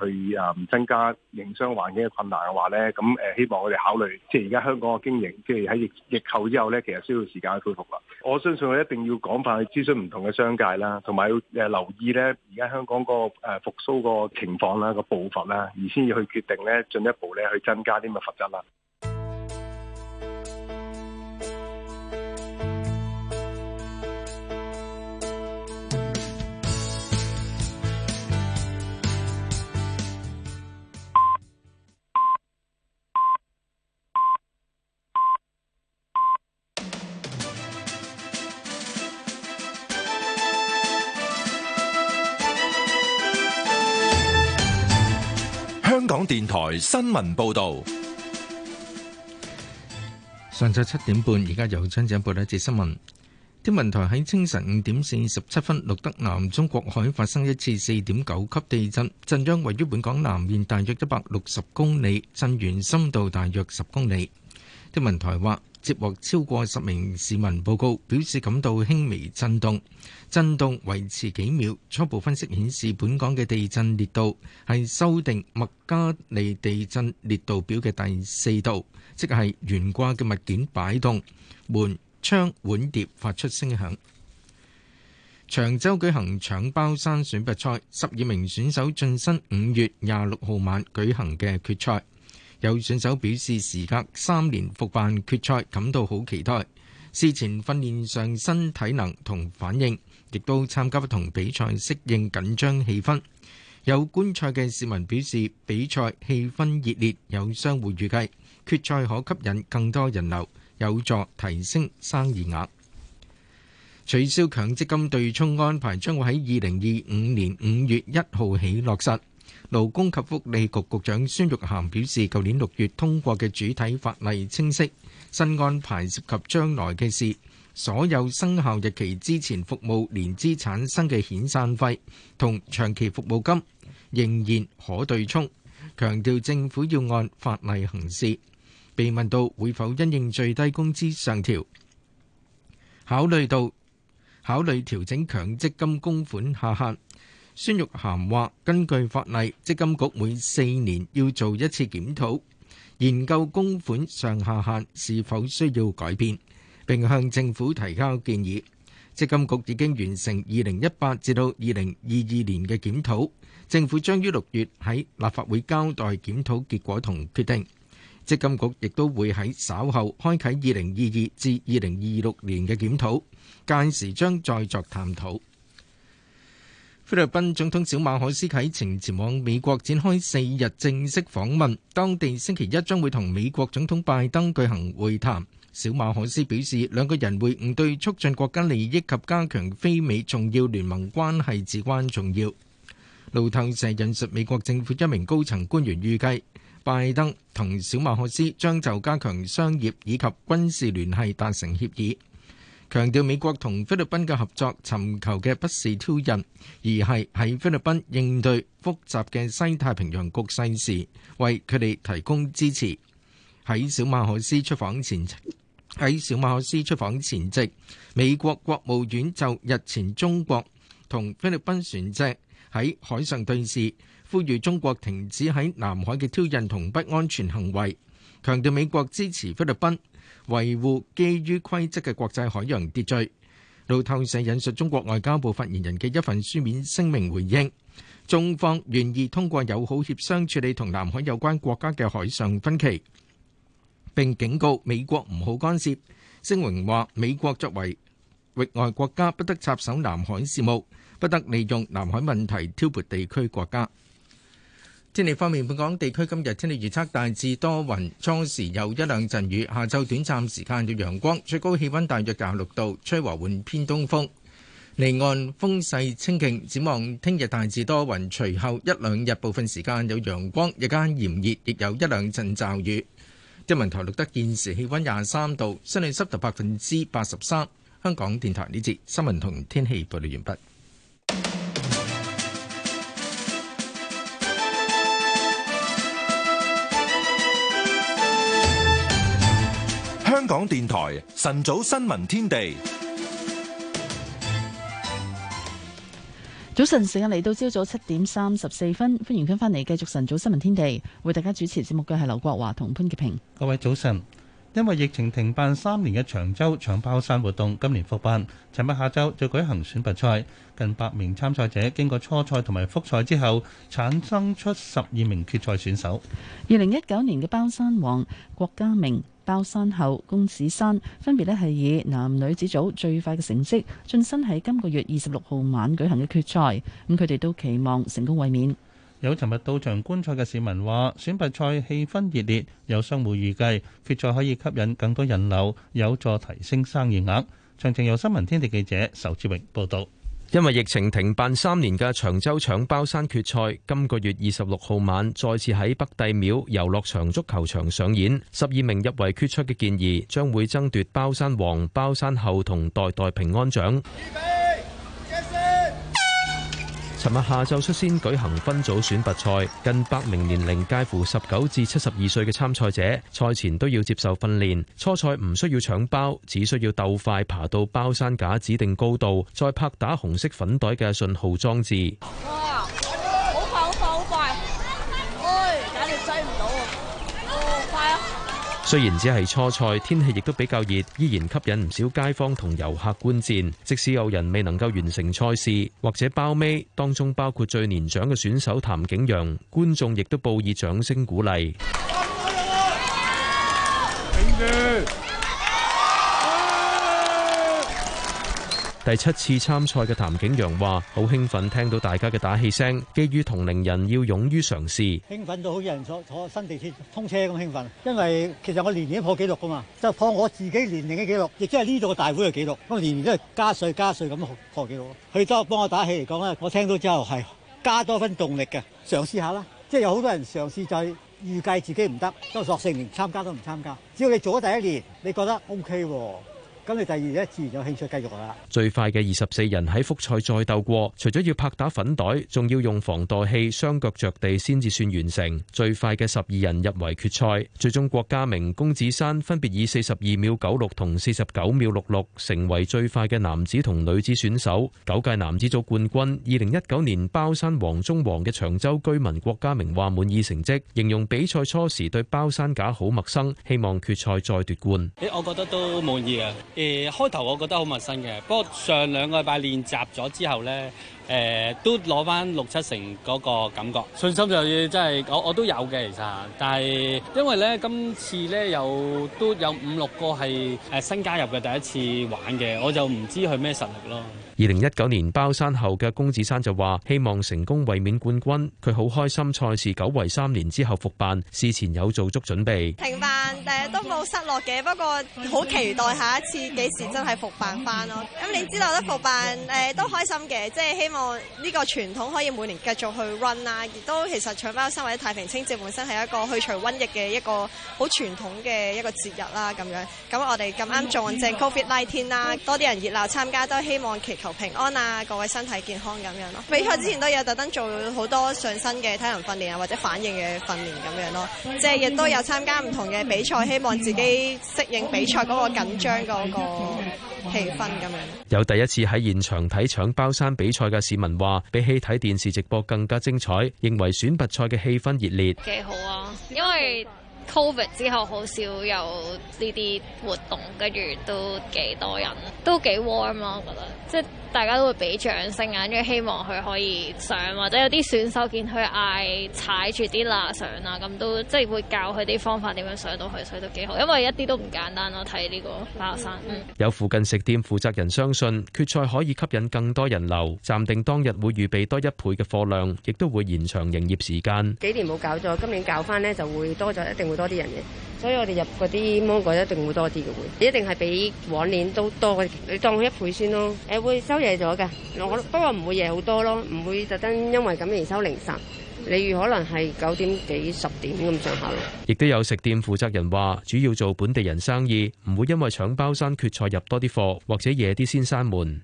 誒去啊唔增加營商環境嘅困難嘅話咧，咁誒希望我哋考慮，即係而家香港嘅經營，即係喺疫疫後之後咧，其實需要時間去恢復啦。我相信我一定要廣泛去諮詢唔同嘅商界啦，同埋要誒留意咧而家香港個誒復甦個情況啦、個步伐啦，而先要去決定咧進一步咧去增加啲咁嘅負擔啦。香港電台新聞報道，上晝七點半，而家由張展報道一節新聞。天文台喺清晨五點四十七分錄得南中國海發生一次四點九級地震，震央位於本港南面大約一百六十公里，震源深度大約十公里。天文台話。接獲超過十名市民報告，表示感到輕微震動，震動維持幾秒。初步分析顯示，本港嘅地震烈度係修訂麥加利地震烈度表嘅第四度，即係懸掛嘅物件擺動、門窗碗碟發出聲響。長洲舉行搶包山選拔賽，十二名選手晉身五月廿六號晚舉行嘅決賽。有選手表示，時隔三年復辦決賽感到好期待。事前訓練上身體能同反應，亦都參加不同比賽適應緊張氣氛。有觀賽嘅市民表示，比賽氣氛熱烈，有相互預計決賽可吸引更多人流，有助提升生意額。取消強積金對沖安排將會喺二零二五年五月一號起落實。勞工及福利局局長孫玉菡表示，舊年六月通過嘅主體法例清晰，新安排涉及將來嘅事，所有生效日期之前服務年資產生嘅遣散費同長期服務金仍然可對沖。強調政府要按法例行事。被問到會否因應最低工資上調，考慮到考慮調整強積金供款下限。孫玉菡話：根據法例，積金局每四年要做一次檢討，研究供款上下限是否需要改變，並向政府提交建議。積金局已經完成2018至到2022年嘅檢討，政府將於六月喺立法會交代檢討結果同決定。積金局亦都會喺稍後開啓2022至2026年嘅檢討，屆時將再作探討。菲律賓總統小馬可斯啟程前往美國展開四日正式訪問，當地星期一將會同美國總統拜登舉行會談。小馬可斯表示，兩個人會晤對促進國家利益及加強菲美重要聯盟關係至關重要。路透社引述美國政府一名高層官員預計，拜登同小馬可斯將就加強商業以及軍事聯繫達成協議。強調美國同菲律賓嘅合作，尋求嘅不是挑釁，而係喺菲律賓應對複雜嘅西太平洋局勢時，為佢哋提供支持。喺小馬可斯出訪前，喺小馬可斯出訪前夕，美國國務院就日前中國同菲律賓船隻喺海上對峙，呼籲中國停止喺南海嘅挑釁同不安全行為，強調美國支持菲律賓。維護基於規則嘅國際海洋秩序。路透社引述中國外交部發言人嘅一份書面聲明回應，中方願意通過友好協商處理同南海有關國家嘅海上分歧，並警告美國唔好干涉。聲明話，美國作為域外國家，不得插手南海事務，不得利用南海問題挑撥地區國家。天氣方面，本港地區今日天氣預測大致多雲，初時有一兩陣雨，下晝短暫時間有陽光，最高氣溫大約廿六度，吹和緩偏東風，離岸風勢清勁。展望聽日大致多雲，隨後一兩日部分時間有陽光，日間炎熱，亦有一兩陣驟雨。天文台錄得現時氣溫廿三度，相對濕度百分之八十三。香港電台呢節新聞同天氣報道完畢。香港電台晨早新聞天地，早晨，時間嚟到朝早七點三十四分，歡迎翻翻嚟，繼續晨早新聞天地，為大家主持節目嘅係劉國華同潘潔平。各位早晨。因為疫情停辦三年嘅長洲搶包山活動，今年復辦。尋日下晝再舉行選拔賽，近百名參賽者經過初賽同埋複賽之後，產生出十二名決賽選手。二零一九年嘅包山王郭家明、包山后龔子珊分別咧係以男女子組最快嘅成績，晉身喺今個月二十六號晚舉行嘅決賽。咁佢哋都期望成功衛冕。有尋日到場觀賽嘅市民話：選拔賽氣氛熱烈，有商戶預計決賽可以吸引更多人流，有助提升生意額。詳情由新聞天地記者仇志榮報道。因為疫情停辦三年嘅長洲搶包山決賽，今個月二十六號晚再次喺北帝廟遊樂場足球場上演。十二名入圍決出嘅健兒將會爭奪包山王、包山后同代代平安獎。尋日下晝率先舉行分組選拔賽，近百名年齡介乎十九至七十二歲嘅參賽者，賽前都要接受訓練。初賽唔需要搶包，只需要鬥快爬到包山架指定高度，再拍打紅色粉袋嘅信號裝置。雖然只係初賽，天氣亦都比較熱，依然吸引唔少街坊同遊客觀戰。即使有人未能夠完成賽事或者包尾，當中包括最年長嘅選手譚景陽，觀眾亦都報以掌聲鼓勵。加油！第七次參賽嘅譚景陽話：好興奮聽到大家嘅打氣聲，基於同齡人要勇於嘗試。興奮到好似人坐坐新地鐵通車咁興奮，因為其實我年年破紀錄㗎嘛，就破我自己年齡嘅紀錄，亦即係呢度嘅大會嘅紀錄。咁年年都係加歲加歲咁破紀錄。佢都幫我打氣嚟講咧，我聽到之後係加多分動力嘅，嘗試下啦。即係有好多人嘗試就係預計自己唔得，都索性連參加都唔參加。只要你做咗第一年，你覺得 OK 喎、啊。咁你第二日自然有興趣繼續啦。最快嘅二十四人喺復賽再鬥過，除咗要拍打粉袋，仲要用防墮器雙腳着地先至算完成。最快嘅十二人入圍決賽，最終郭家明、公子山分別以四十二秒九六同四十九秒六六成為最快嘅男子同女子選手。九屆男子組冠軍，二零一九年包山王中王嘅長洲居民郭家明話：滿意成績，形容比賽初時對包山架好陌生，希望決賽再奪冠。誒，我覺得都滿意啊！誒、呃、開頭我覺得好陌生嘅，不過上兩個禮拜練習咗之後呢，誒、呃、都攞翻六七成嗰個感覺。信心就要真係，我我都有嘅其實，但係因為呢，今次呢，有都有五六個係誒新加入嘅第一次玩嘅，我就唔知佢咩實力咯。二零一九年包山後嘅龔子珊就話：希望成功衛冕冠軍，佢好開心。賽事久違三年之後復辦，事前有做足準備。停辦。都冇失落嘅，不過好期待下一次幾時真係復辦翻咯。咁、嗯、你知道得復辦誒、呃、都開心嘅，即係希望呢個傳統可以每年繼續去 run 啦、啊。亦都其實搶包山或者太平清醮本身係一個去除瘟疫嘅一個好傳統嘅一個節日啦。咁樣咁我哋咁啱撞正 COVID-19 啦，多啲人熱鬧參加都希望祈求平安啊，各位身體健康咁樣咯。比賽之前都有特登做好多上身嘅體能訓練啊，或者反應嘅訓練咁樣咯，即係亦都有參加唔同嘅比賽希。希望自己適應比賽嗰個緊張嗰個氣氛咁樣、 [noise] 嗯嗯嗯。 [noise] 有第一次喺現場睇搶包山比賽嘅市民話，比起睇電視直播更加精彩，認為選拔賽嘅氣氛熱烈。幾好啊！因為。Covid 之後好少有呢啲活動，跟住都幾多人，都幾 warm 咯。我覺得即係大家都會俾掌聲啊，因為希望佢可以上，或者有啲選手見佢嗌踩住啲欄上啊，咁都即係會教佢啲方法點樣上到去，所以都幾好。因為一啲都唔簡單咯，睇呢個花山。嗯嗯、有附近食店負責人相信決賽可以吸引更多人流，暫定當日會預備多一倍嘅貨量，亦都會延長營業時間。幾年冇搞咗，今年搞翻呢就會多咗，一定會。多啲人嘅，所以我哋入嗰啲芒果一定會多啲嘅會，一定係比往年都多嘅，你當佢一倍先咯。誒，會收嘢咗嘅，我不過唔會夜好多咯，唔會特登因為咁而收凌晨，例如可能係九點幾、十點咁上下咯。亦都有食店負責人話，主要做本地人生意，唔會因為搶包山決賽入多啲貨，或者夜啲先閂門。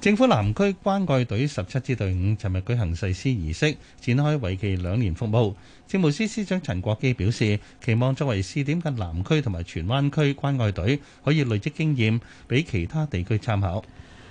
政府南區關愛隊十七支隊伍尋日舉行誓師儀式，展開為期兩年服務。政務司司長陳國基表示，期望作為試點嘅南區同埋荃灣區關愛隊可以累積經驗，俾其他地區參考。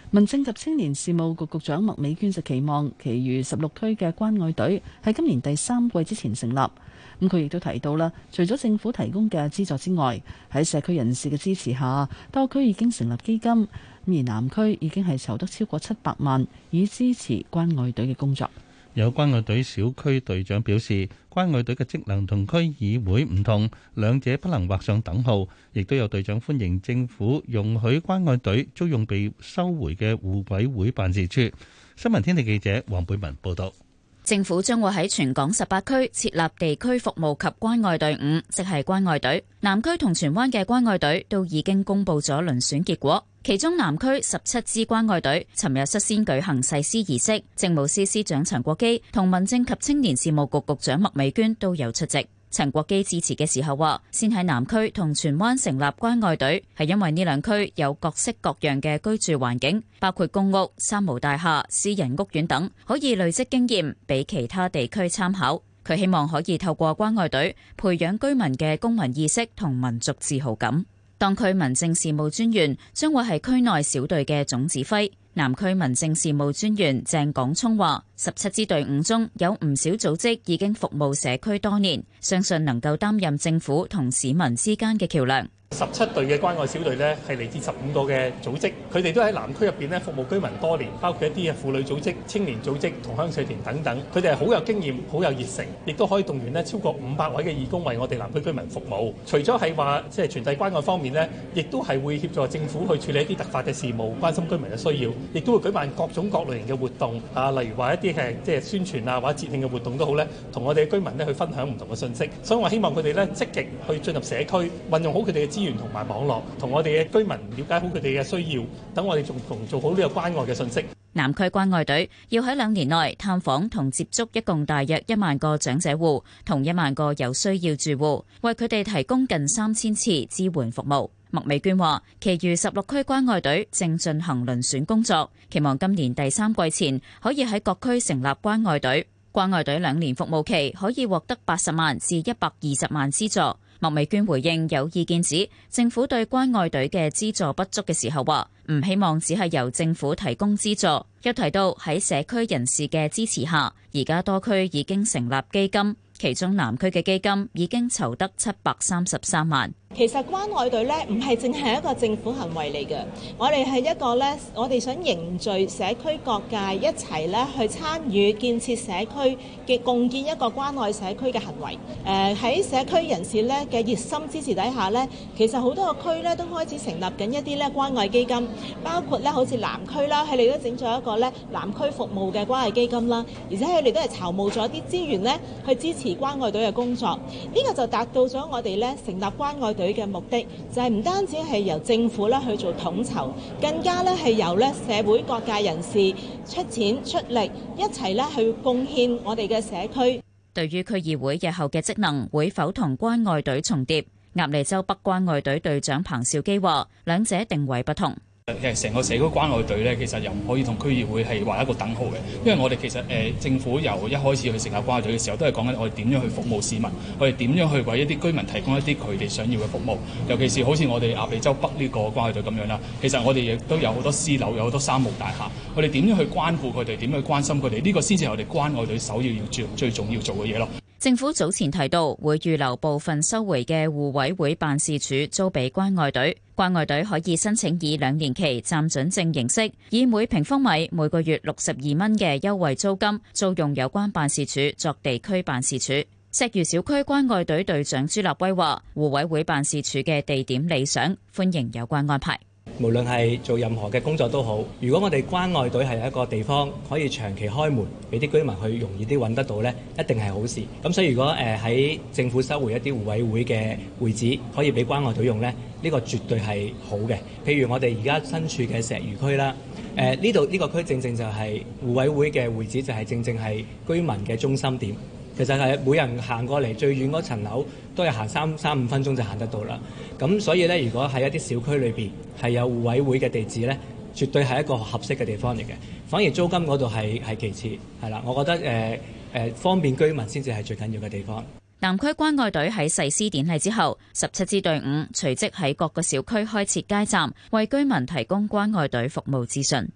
民政及青年事務局局長麥美娟就期望，其餘十六區嘅關愛隊喺今年第三季之前成立。咁佢亦都提到啦，除咗政府提供嘅資助之外，喺社區人士嘅支持下，多區已經成立基金。而南區已經係籌得超過七百萬，以支持關愛隊嘅工作。有關愛隊小區隊長表示，關愛隊嘅職能同區議會唔同，兩者不能劃上等號。亦都有隊長歡迎政府容許關愛隊租用被收回嘅護委會辦事處。新聞天地記者黃貝文報道。政府將會喺全港十八區設立地區服務及關愛隊伍，即係關愛隊。南區同荃灣嘅關愛隊都已經公布咗輪選結果。其中南區十七支關愛隊，尋日率先舉行誓師儀式。政務司司長陳國基同民政及青年事務局局長麥美娟都有出席。陳國基致辭嘅時候話，先喺南區同荃灣成立關愛隊，係因為呢兩區有各式各樣嘅居住環境，包括公屋、三無大廈、私人屋苑等，可以累積經驗俾其他地區參考。佢希望可以透過關愛隊培養居民嘅公民意識同民族自豪感。當區民政事務專員將會係區內小隊嘅總指揮。南區民政事務專員鄭廣聰話，十七支隊伍中有唔少組織已經服務社區多年，相信能夠擔任政府同市民之間嘅橋樑。十七隊嘅關愛小隊呢，係嚟自十五個嘅組織，佢哋都喺南區入邊咧服務居民多年，包括一啲婦女組織、青年組織同鄉社團等等，佢哋係好有經驗、好有熱誠，亦都可以動員咧超過五百位嘅義工為我哋南區居民服務。除咗係話即係傳遞關愛方面呢，亦都係會協助政府去處理一啲突發嘅事務，關心居民嘅需要，亦都會舉辦各種各類型嘅活動啊，例如話一啲係即係宣傳啊或者節慶嘅活動都好咧，同我哋嘅居民呢去分享唔同嘅信息。所以我希望佢哋呢積極去進入社區，運用好佢哋嘅。資源同埋網絡，同我哋嘅居民瞭解好佢哋嘅需要，等我哋仲同做好呢個關愛嘅信息。南區關愛隊要喺兩年內探訪同接觸一共大約一萬個長者戶同一萬個有需要住戶，為佢哋提供近三千次支援服務。麥美娟話，其餘十六區關愛隊正進行遴選工作，期望今年第三季前可以喺各區成立關愛隊。關愛隊兩年服務期可以獲得八十萬至一百二十萬資助。莫美娟回應有意見指政府對關愛隊嘅資助不足嘅時候，話唔希望只係由政府提供資助。一提到喺社區人士嘅支持下，而家多區已經成立基金，其中南區嘅基金已經籌得七百三十三萬。其實關愛隊咧唔係淨係一個政府行為嚟嘅，我哋係一個咧，我哋想凝聚社區各界一齊咧去參與建設社區嘅，共建一個關愛社區嘅行為。誒喺社區人士咧嘅熱心支持底下咧，其實好多個區咧都開始成立緊一啲咧關愛基金，包括咧好似南區啦，佢哋都整咗一個咧南區服務嘅關愛基金啦，而且佢哋都係籌募咗一啲資源咧去支持關愛隊嘅工作。呢個就達到咗我哋咧成立關愛隊嘅目的就係唔單止係由政府咧去做統籌，更加咧係由咧社會各界人士出錢出力，一齊咧去貢獻我哋嘅社區。對於區議會日後嘅職能，會否同關愛隊重疊？鴨脷洲北關愛隊隊長彭少基話：兩者定位不同。其實成個社區關愛隊咧，其實又唔可以同區議會係劃一個等號嘅，因為我哋其實誒、呃、政府由一開始去成立關愛隊嘅時候，都係講緊我哋點樣去服務市民，我哋點樣去為一啲居民提供一啲佢哋想要嘅服務，尤其是好似我哋鴨脷洲北呢個關愛隊咁樣啦。其實我哋亦都有好多私樓，有好多三無大廈，我哋點樣去關顧佢哋，點樣去關心佢哋？呢、這個先至係我哋關愛隊首要要做最重要做嘅嘢咯。政府早前提到，會預留部分收回嘅互委會辦事處租俾關愛隊，關愛隊可以申請以兩年期暫准證形式，以每平方米每個月六十二蚊嘅優惠租金租用有關辦事處作地區辦事處。石硤小區關愛隊隊長朱立威話：互委會辦事處嘅地點理想，歡迎有關安排。無論係做任何嘅工作都好，如果我哋關愛隊係一個地方可以長期開門，俾啲居民去容易啲揾得到呢，一定係好事。咁所以如果誒喺、呃、政府收回一啲互委會嘅會址，可以俾關愛隊用呢，呢、呢個絕對係好嘅。譬如我哋而家身處嘅石漁區啦，誒呢度呢個區正正就係、係、互委會嘅會址，就係正正係居民嘅中心點。其實係每人行過嚟最遠嗰層樓，都係行三三五分鐘就行得到啦。咁所以呢，如果喺一啲小區裏邊係有戶委會嘅地址呢，絕對係一個合適嘅地方嚟嘅。反而租金嗰度係係其次，係啦，我覺得誒誒、呃、方便居民先至係最緊要嘅地方。南區關愛隊喺誓師典禮之後，十七支隊伍隨即喺各個小區開設街站，為居民提供關愛隊服務資訊。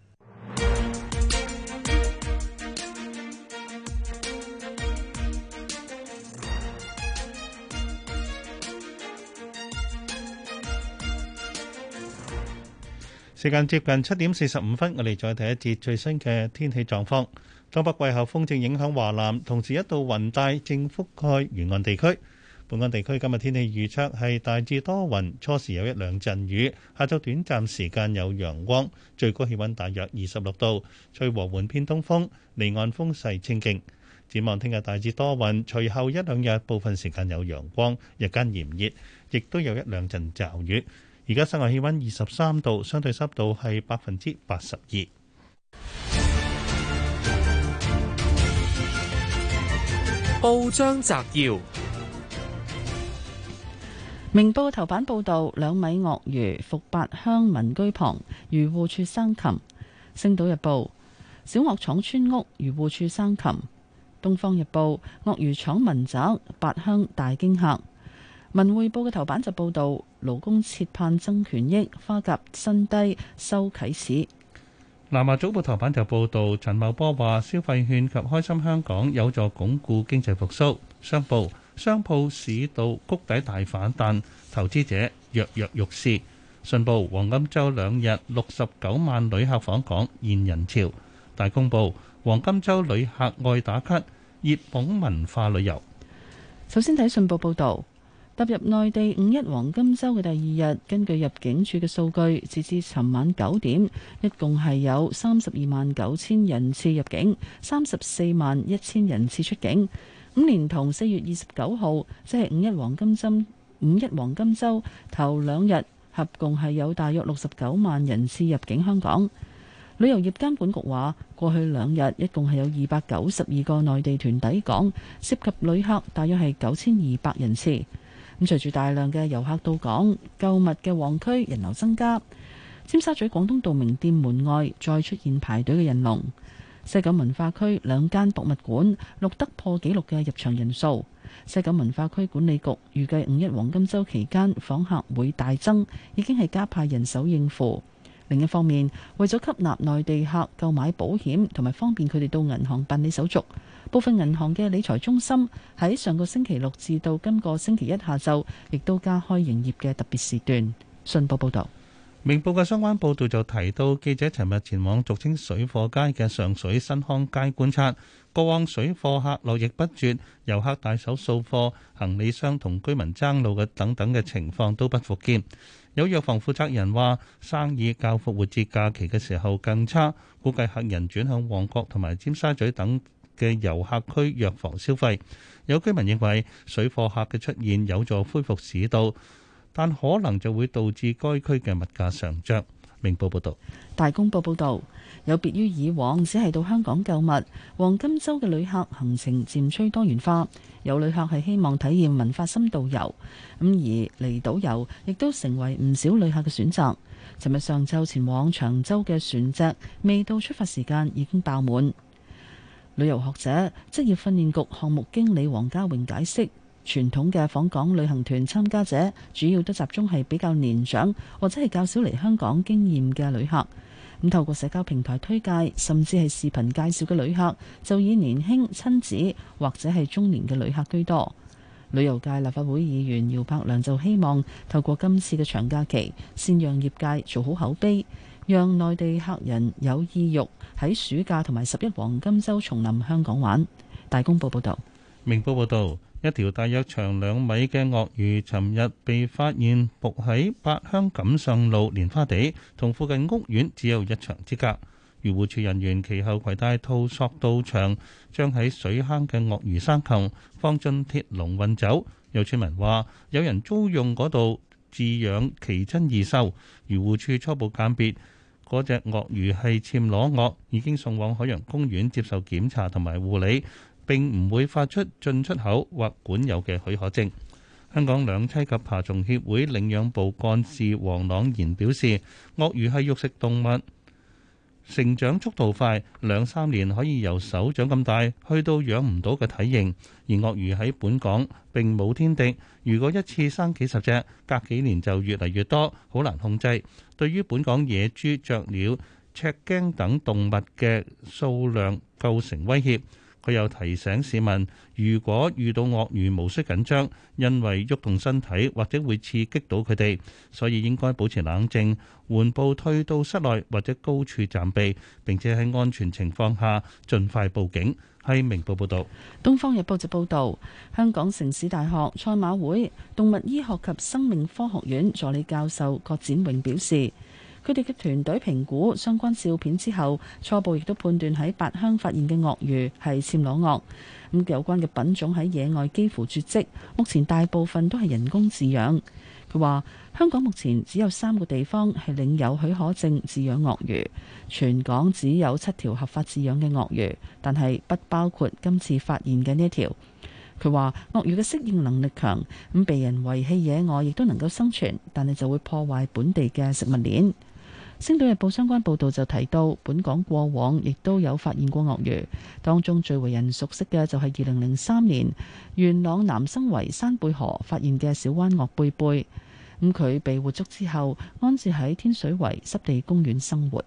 時間接近七點四十五分，我哋再睇一節最新嘅天氣狀況。東北季候風正影響華南，同時一道雲帶正覆蓋沿岸地區。本港地區今日天，天氣預測係大致多雲，初時有一兩陣雨，下晝短暫時間有陽光，最高氣溫大約二十六度，吹和緩偏東風，離岸風勢清勁。展望聽日大致多雲，隨後一兩日部分時間有陽光，日間炎熱，亦都有一兩陣驟雨。而家室外氣溫二十三度，相對濕度係百分之八十二。報章摘要：明報頭版報道，兩米鱷魚伏八鄉民居旁，漁護處生擒。星島日報，小鱷廠村，村屋漁護處生擒。東方日報，鱷魚廠民宅八鄉大驚嚇。文匯報嘅頭版就報道勞工切盼增權益，花甲新低收啟市。南華早報頭版就報道陳茂波話，消費券及開心香港有助鞏固經濟復甦。商報，商鋪市道谷底大反彈，投資者躍躍欲試。信報，黃金周兩日六十九萬旅客訪港現人潮。大公報，黃金周旅客愛打卡，熱捧文化旅遊。首先睇信報報道。踏入內地五一黃金週嘅第二日，根據入境處嘅數據，截至尋晚九點，一共係有三十二萬九千人次入境，三十四萬一千人次出境。五年同四月二十九號，即係五一黃金週五一黃金週頭兩日，合共係有大約六十九萬人次入境香港。旅遊業監管局話，過去兩日一共係有二百九十二個內地團抵港，涉及旅客大約係九千二百人次。隨住大量嘅遊客到港，購物嘅旺區人流增加，尖沙咀廣東道名店門外再出現排隊嘅人龍。西九文化區兩間博物館錄得破紀錄嘅入場人數。西九文化區管理局預計五一黃金周期間訪客會大增，已經係加派人手應付。另一方面，為咗吸納內地客購買保險同埋方便佢哋到銀行辦理手續，部分銀行嘅理財中心喺上個星期六至到今個星期一下晝，亦都加開營業嘅特別時段。信報報導，明報嘅相關報導就提到，記者尋日前往俗稱水貨街嘅上水新康街觀察，過往水貨客絡繹不絕，遊客大手掃貨、行李箱同居民爭路嘅等等嘅情況都不復見。有藥房負責人話，生意較復活節假期嘅時候更差，估計客人轉向旺角同埋尖沙咀等嘅遊客區藥房消費。有居民認為，水貨客嘅出現有助恢復市道，但可能就會導致該區嘅物價上漲。明報報道。大公報報導。有別於以往，只係到香港購物，黃金週嘅旅客行程漸趨多元化，有旅客係希望體驗文化深度遊，咁而離島遊亦都成為唔少旅客嘅選擇。尋日上晝前往長洲嘅船隻，未到出發時間已經爆滿。旅遊學者、職業訓練局項目經理黃家榮解釋，傳統嘅訪港旅行團參加者主要都集中係比較年長或者係較少嚟香港經驗嘅旅客。咁透過社交平台推介，甚至係視頻介紹嘅旅客，就以年輕、親子或者係中年嘅旅客居多。旅遊界立法會議員姚柏良就希望透過今次嘅長假期，先讓業界做好口碑，讓內地客人有意欲喺暑假同埋十一黃金週重臨香港玩。大公報報道。明報報導。一條大約長兩米嘅鱷魚，尋日被發現伏喺八鄉錦上路蓮花地，同附近屋苑只有一牆之隔。漁護處人員其後攜帶套索到場，將喺水坑嘅鱷魚生擒放進鐵籠運走。有村民話：有人租用嗰度飼養，奇珍異獸。漁護處初步鑑別，嗰隻鱷魚係暹羅鱷，已經送往海洋公園接受檢查同埋護理。並唔會發出進出口或管有嘅許可證。香港兩棲及爬蟲協會領養部幹事黃朗賢表示，鱷魚係肉食動物，成長速度快，兩三年可以由手掌咁大去到養唔到嘅體型。而鱷魚喺本港並冇天敵，如果一次生幾十隻，隔幾年就越嚟越多，好難控制。對於本港野豬、雀鳥、赤鷹等動物嘅數量構成威脅。佢又提醒市民，如果遇到鱷魚無需緊張，因為喐動，動身體或者會刺激到佢哋，所以應該保持冷靜，緩步退到室內或者高處暫避。並且喺安全情況下，盡快報警。係明報報道，東方日報就報道香港城市大學賽馬會動物醫學及生命科學院助理教授郭展榮表示。佢哋嘅團隊評估相關照片之後，初步亦都判斷喺八鄉發現嘅鱷魚係暹羅鱷。咁、嗯、有關嘅品種喺野外幾乎絕跡，目前大部分都係人工飼養。佢話：香港目前只有三個地方係領有許可證飼養鱷魚，全港只有七條合法飼養嘅鱷魚，但係不包括今次發現嘅呢一條。佢話：鱷魚嘅適應能力強，咁、嗯、被人遺棄野外亦都能夠生存，但係就會破壞本地嘅食物鏈。《星島日報》相關報道就提到，本港過往亦都有發現過鱷魚，當中最為人熟悉嘅就係二零零三年元朗南生圍山貝河發現嘅小灣鱷貝貝。咁佢被活捉之後，安置喺天水圍濕地公園生活。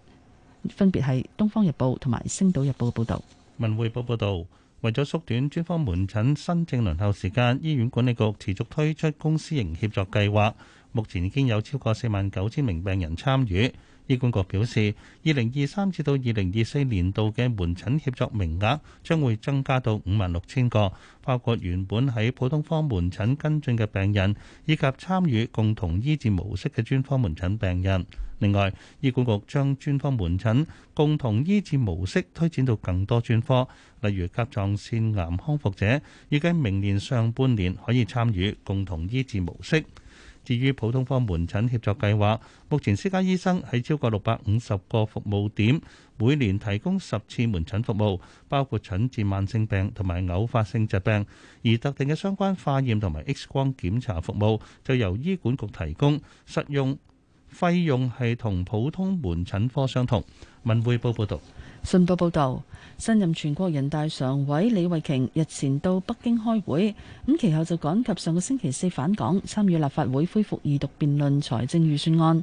分別係《東方日報》同埋《星島日報》嘅報道。《文匯報》報道，為咗縮短專科門診新症輪候時間，醫院管理局持續推出公私營協作計劃，目前已經有超過四萬九千名病人參與。醫管局表示，二零二三至到二零二四年度嘅門診協作名額將會增加到五萬六千個，包括原本喺普通科門診跟進嘅病人，以及參與共同醫治模式嘅專科門診病人。另外，醫管局將專科門診共同醫治模式推展到更多專科，例如甲狀腺癌康復者，預計明年上半年可以參與共同醫治模式。至於普通科門診協作計劃，目前私家醫生喺超過六百五十個服務點，每年提供十次門診服務，包括診治慢性病同埋偶發性疾病，而特定嘅相關化驗同埋 X 光檢查服務就由醫管局提供，實用。費用係同普通門診科相同。文匯報報導，信報報道，新任全國人大常委李慧瓊日前到北京開會，咁其後就趕及上個星期四返港參與立法會恢復二讀辯論財政預算案。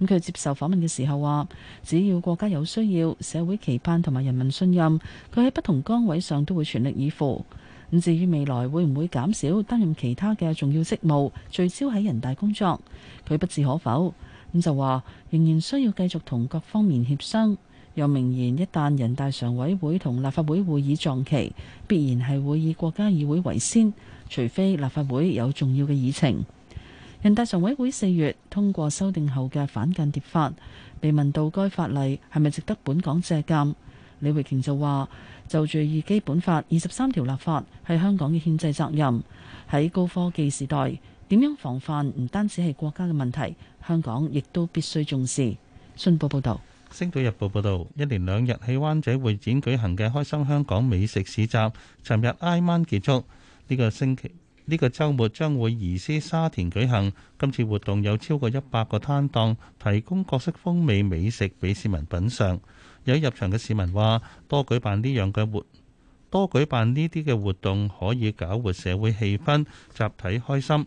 咁佢接受訪問嘅時候話，只要國家有需要、社會期盼同埋人民信任，佢喺不同崗位上都會全力以赴。咁至於未來會唔會減少擔任其他嘅重要職務，聚焦喺人大工作，佢不置可否。咁就話仍然需要繼續同各方面協商，又明言一旦人大常委會同立法會會議撞期，必然係會以國家議會為先，除非立法會有重要嘅議程。人大常委會四月通過修訂後嘅反間諜法，被問到該法例係咪值得本港借鑑，李慧瓊就話：就住以基本法二十三條立法係香港嘅憲制責任，喺高科技時代點樣防範，唔單止係國家嘅問題。香港亦都必須重視。信報報道，《星島日報》報道：「一連兩日喺灣仔會展舉行嘅開心香港美食市集，尋日挨晚結束。呢個星期呢個週末將會移師沙田舉行。今次活動有超過一百個攤檔，提供各式風味美食俾市民品嚐。有入場嘅市民話：多舉辦呢樣嘅活，多舉辦呢啲嘅活動，可以搞活社會氣氛，集體開心。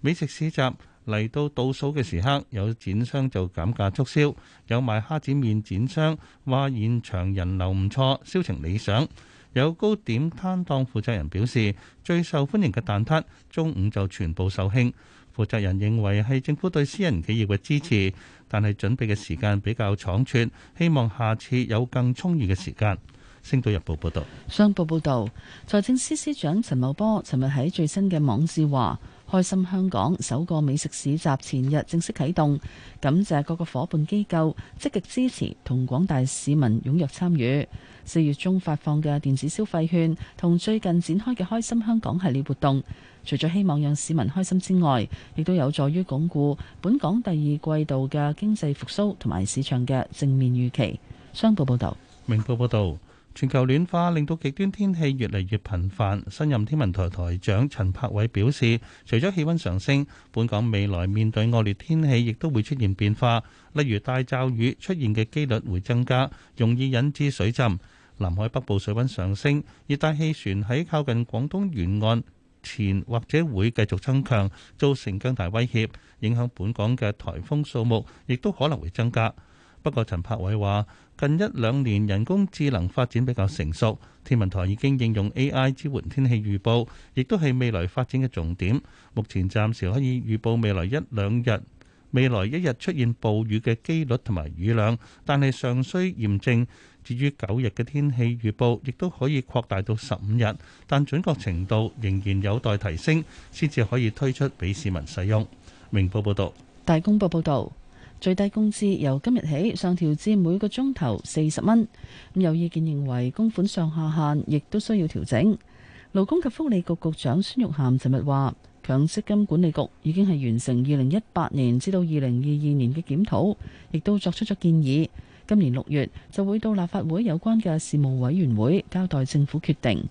美食市集。嚟到倒數嘅時刻，有展商就減價促銷，有賣蝦子麵展商話現場人流唔錯，銷情理想。有糕點攤檔負責人表示，最受歡迎嘅蛋撻中午就全部售罄。負責人認為係政府對私人企業嘅支持，但係準備嘅時間比較倉促，希望下次有更充裕嘅時間。星島日報報道：「商報報道，財政司司長陳茂波尋日喺最新嘅網誌話。開心香港首個美食市集前日正式啟動，感謝各個伙伴機構積極支持同廣大市民踊躍參與。四月中發放嘅電子消費券同最近展開嘅開心香港系列活動，除咗希望讓市民開心之外，亦都有助於鞏固本港第二季度嘅經濟復蘇同埋市場嘅正面預期。商報報道，明報報道。全球暖化令到極端天氣越嚟越頻繁。新任天文台台長陳柏偉表示，除咗氣温上升，本港未來面對惡劣天氣亦都會出現變化。例如大驟雨出現嘅機率會增加，容易引致水浸。南海北部水温上升，熱帶氣旋喺靠近廣東沿岸前或者會繼續增強，造成更大威脅，影響本港嘅颱風數目亦都可能會增加。不過，陳柏偉話：近一兩年人工智能發展比較成熟，天文台已經應用 AI 支援天氣預報，亦都係未來發展嘅重點。目前暫時可以預報未來一兩日、未來一日出現暴雨嘅機率同埋雨量，但係尚需驗證。至於九日嘅天氣預報，亦都可以擴大到十五日，但準確程度仍然有待提升，先至可以推出俾市民使用。明報報道，大公報報道。最低工資由今日起上調至每個鐘頭四十蚊。咁有意見認為供款上下限亦都需要調整。勞工及福利局局局長孫玉菡尋日話：強積金管理局已經係完成二零一八年至到二零二二年嘅檢討，亦都作出咗建議。今年六月就會到立法會有關嘅事務委員會交代政府決定。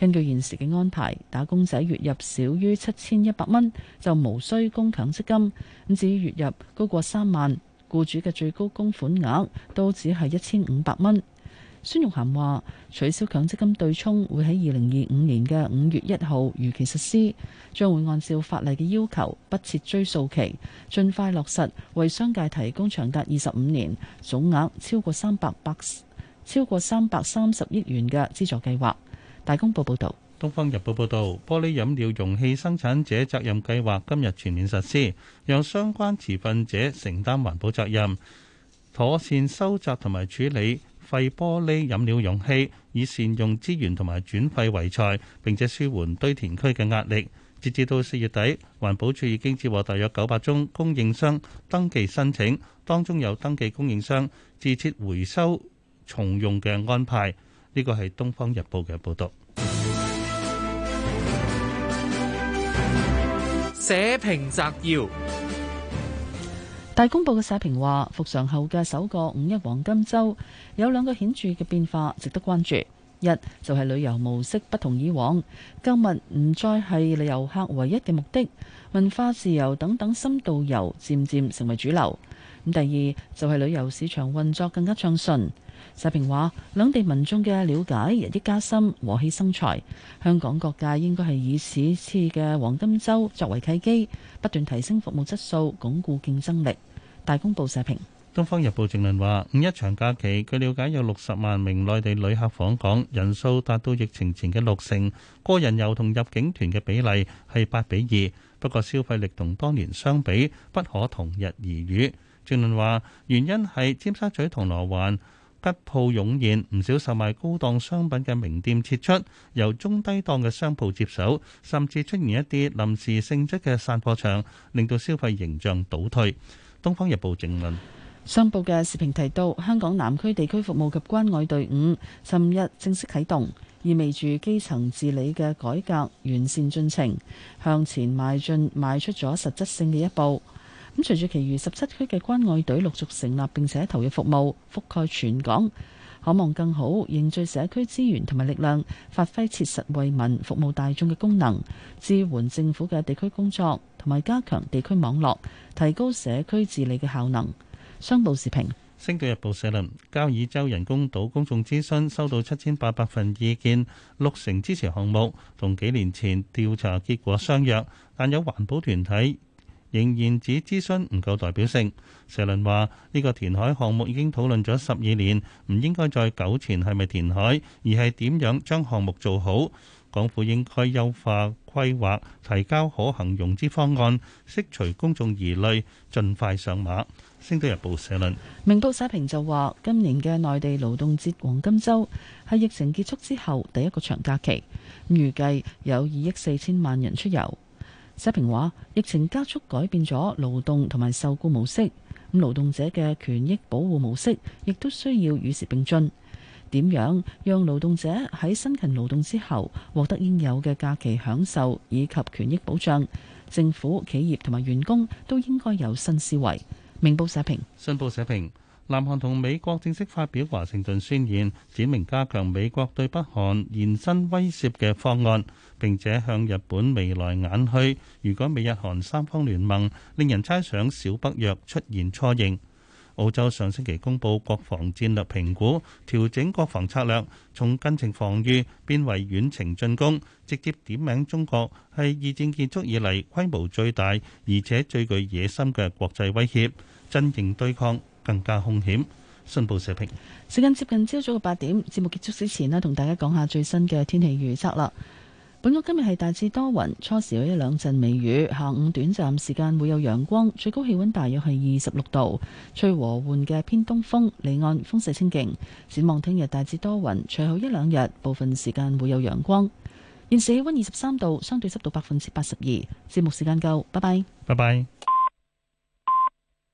根據現時嘅安排，打工仔月入少於七千一百蚊就無需供強積金。咁至於月入高過三萬，僱主嘅最高供款額都只係一千五百蚊。孫玉菡話：取消強積金對沖會喺二零二五年嘅五月一號如期實施，將會按照法例嘅要求不設追溯期，盡快落實為商界提供長達二十五年、總額超過三百百超過三百三十億元嘅資助計劃。大公報報導，《東方日報》報導，玻璃飲料容器生產者責任計劃今日全面實施，讓相關持份者承擔環保責任，妥善收集同埋處理廢玻璃飲料容器，以善用資源同埋轉廢為財，並且舒緩堆填區嘅壓力。截至到四月底，環保署已經接獲大約九百宗供應商登記申請，當中有登記供應商自設回收重用嘅安排。呢個係《東方日報》嘅報道。社評摘要：大公報嘅社評話，復常後嘅首個五一黃金週有兩個顯著嘅變化值得關注。一就係、是、旅遊模式不同以往，購物唔再係旅遊客唯一嘅目的，文化自由等等深度遊漸漸成為主流。咁第二就係、是、旅遊市場運作更加暢順。社評話，兩地民眾嘅了解日益加深，和氣生財。香港各界應該係以此次嘅黃金周作為契機，不斷提升服務質素，鞏固競爭力。大公報社評。《東方日報》正論話，五一長假期，據了解有六十萬名內地旅客訪港，人數達到疫情前嘅六成。個人遊同入境團嘅比例係八比二，不過消費力同當年相比不可同日而語。正論話，原因係尖沙咀同羅環。吉鋪湧現唔少售賣高檔商品嘅名店撤出，由中低檔嘅商鋪接手，甚至出現一啲臨時性質嘅散貨場，令到消費形象倒退。《東方日報》評論：商報嘅視頻提到，香港南區地區服務及關愛隊伍尋日正式啟動，意味住基層治理嘅改革完善進程向前邁進，邁出咗實質性嘅一步。隨住其餘十七區嘅關愛隊陸續成立並且投入服務，覆蓋全港，可望更好凝聚社區資源同埋力量，發揮切實為民服務大眾嘅功能，支援政府嘅地區工作同埋加強地區網絡，提高社區治理嘅效能。商報時評。星島日報社論：交椅洲人工島公眾諮詢收到七千八百份意見，六成支持項目，同幾年前調查結果相若，但有環保團體仍然指諮詢唔夠代表性。社論話：呢個填海項目已經討論咗十二年，唔應該再糾纏係咪填海，而係點樣將項目做好。港府應該優化規劃，提交可行融資方案，釋除公眾疑慮，盡快上馬。星島日報社論。明報社評就話：今年嘅內地勞動節黃金週係疫情結束之後第一個長假期，預計有二億四千萬人出遊。社評話：疫情加速改變咗勞動同埋受雇模式，咁勞動者嘅權益保護模式亦都需要與時並進。點樣讓勞動者喺辛勤勞動之後獲得應有嘅假期享受以及權益保障？政府、企業同埋員工都應該有新思維。明報社評，新報社評。南韓同美國正式發表華盛頓宣言，指明加強美國對北韓延伸威懾嘅方案，並且向日本未來眼去。如果美日韓三方聯盟，令人猜想小北約出現雛形。澳洲上星期公布國防戰略評估，調整國防策略，從近程防禦變為遠程進攻，直接點名中國係二戰結束以嚟規模最大而且最具野心嘅國際威脅，陣營對抗更加凶險。信報社評。時間接近朝早嘅八點，節目結束之前咧，同大家講下最新嘅天氣預測啦。本港今日係大致多雲，初時有一兩陣微雨，下午短暫時間會有陽光，最高氣温大約係二十六度，吹和緩嘅偏東風，離岸風勢清勁。展望聽日大致多雲，隨後一兩日部分時間會有陽光。現時氣温二十三度，相對濕度百分之八十二。節目時間夠，拜拜。拜拜。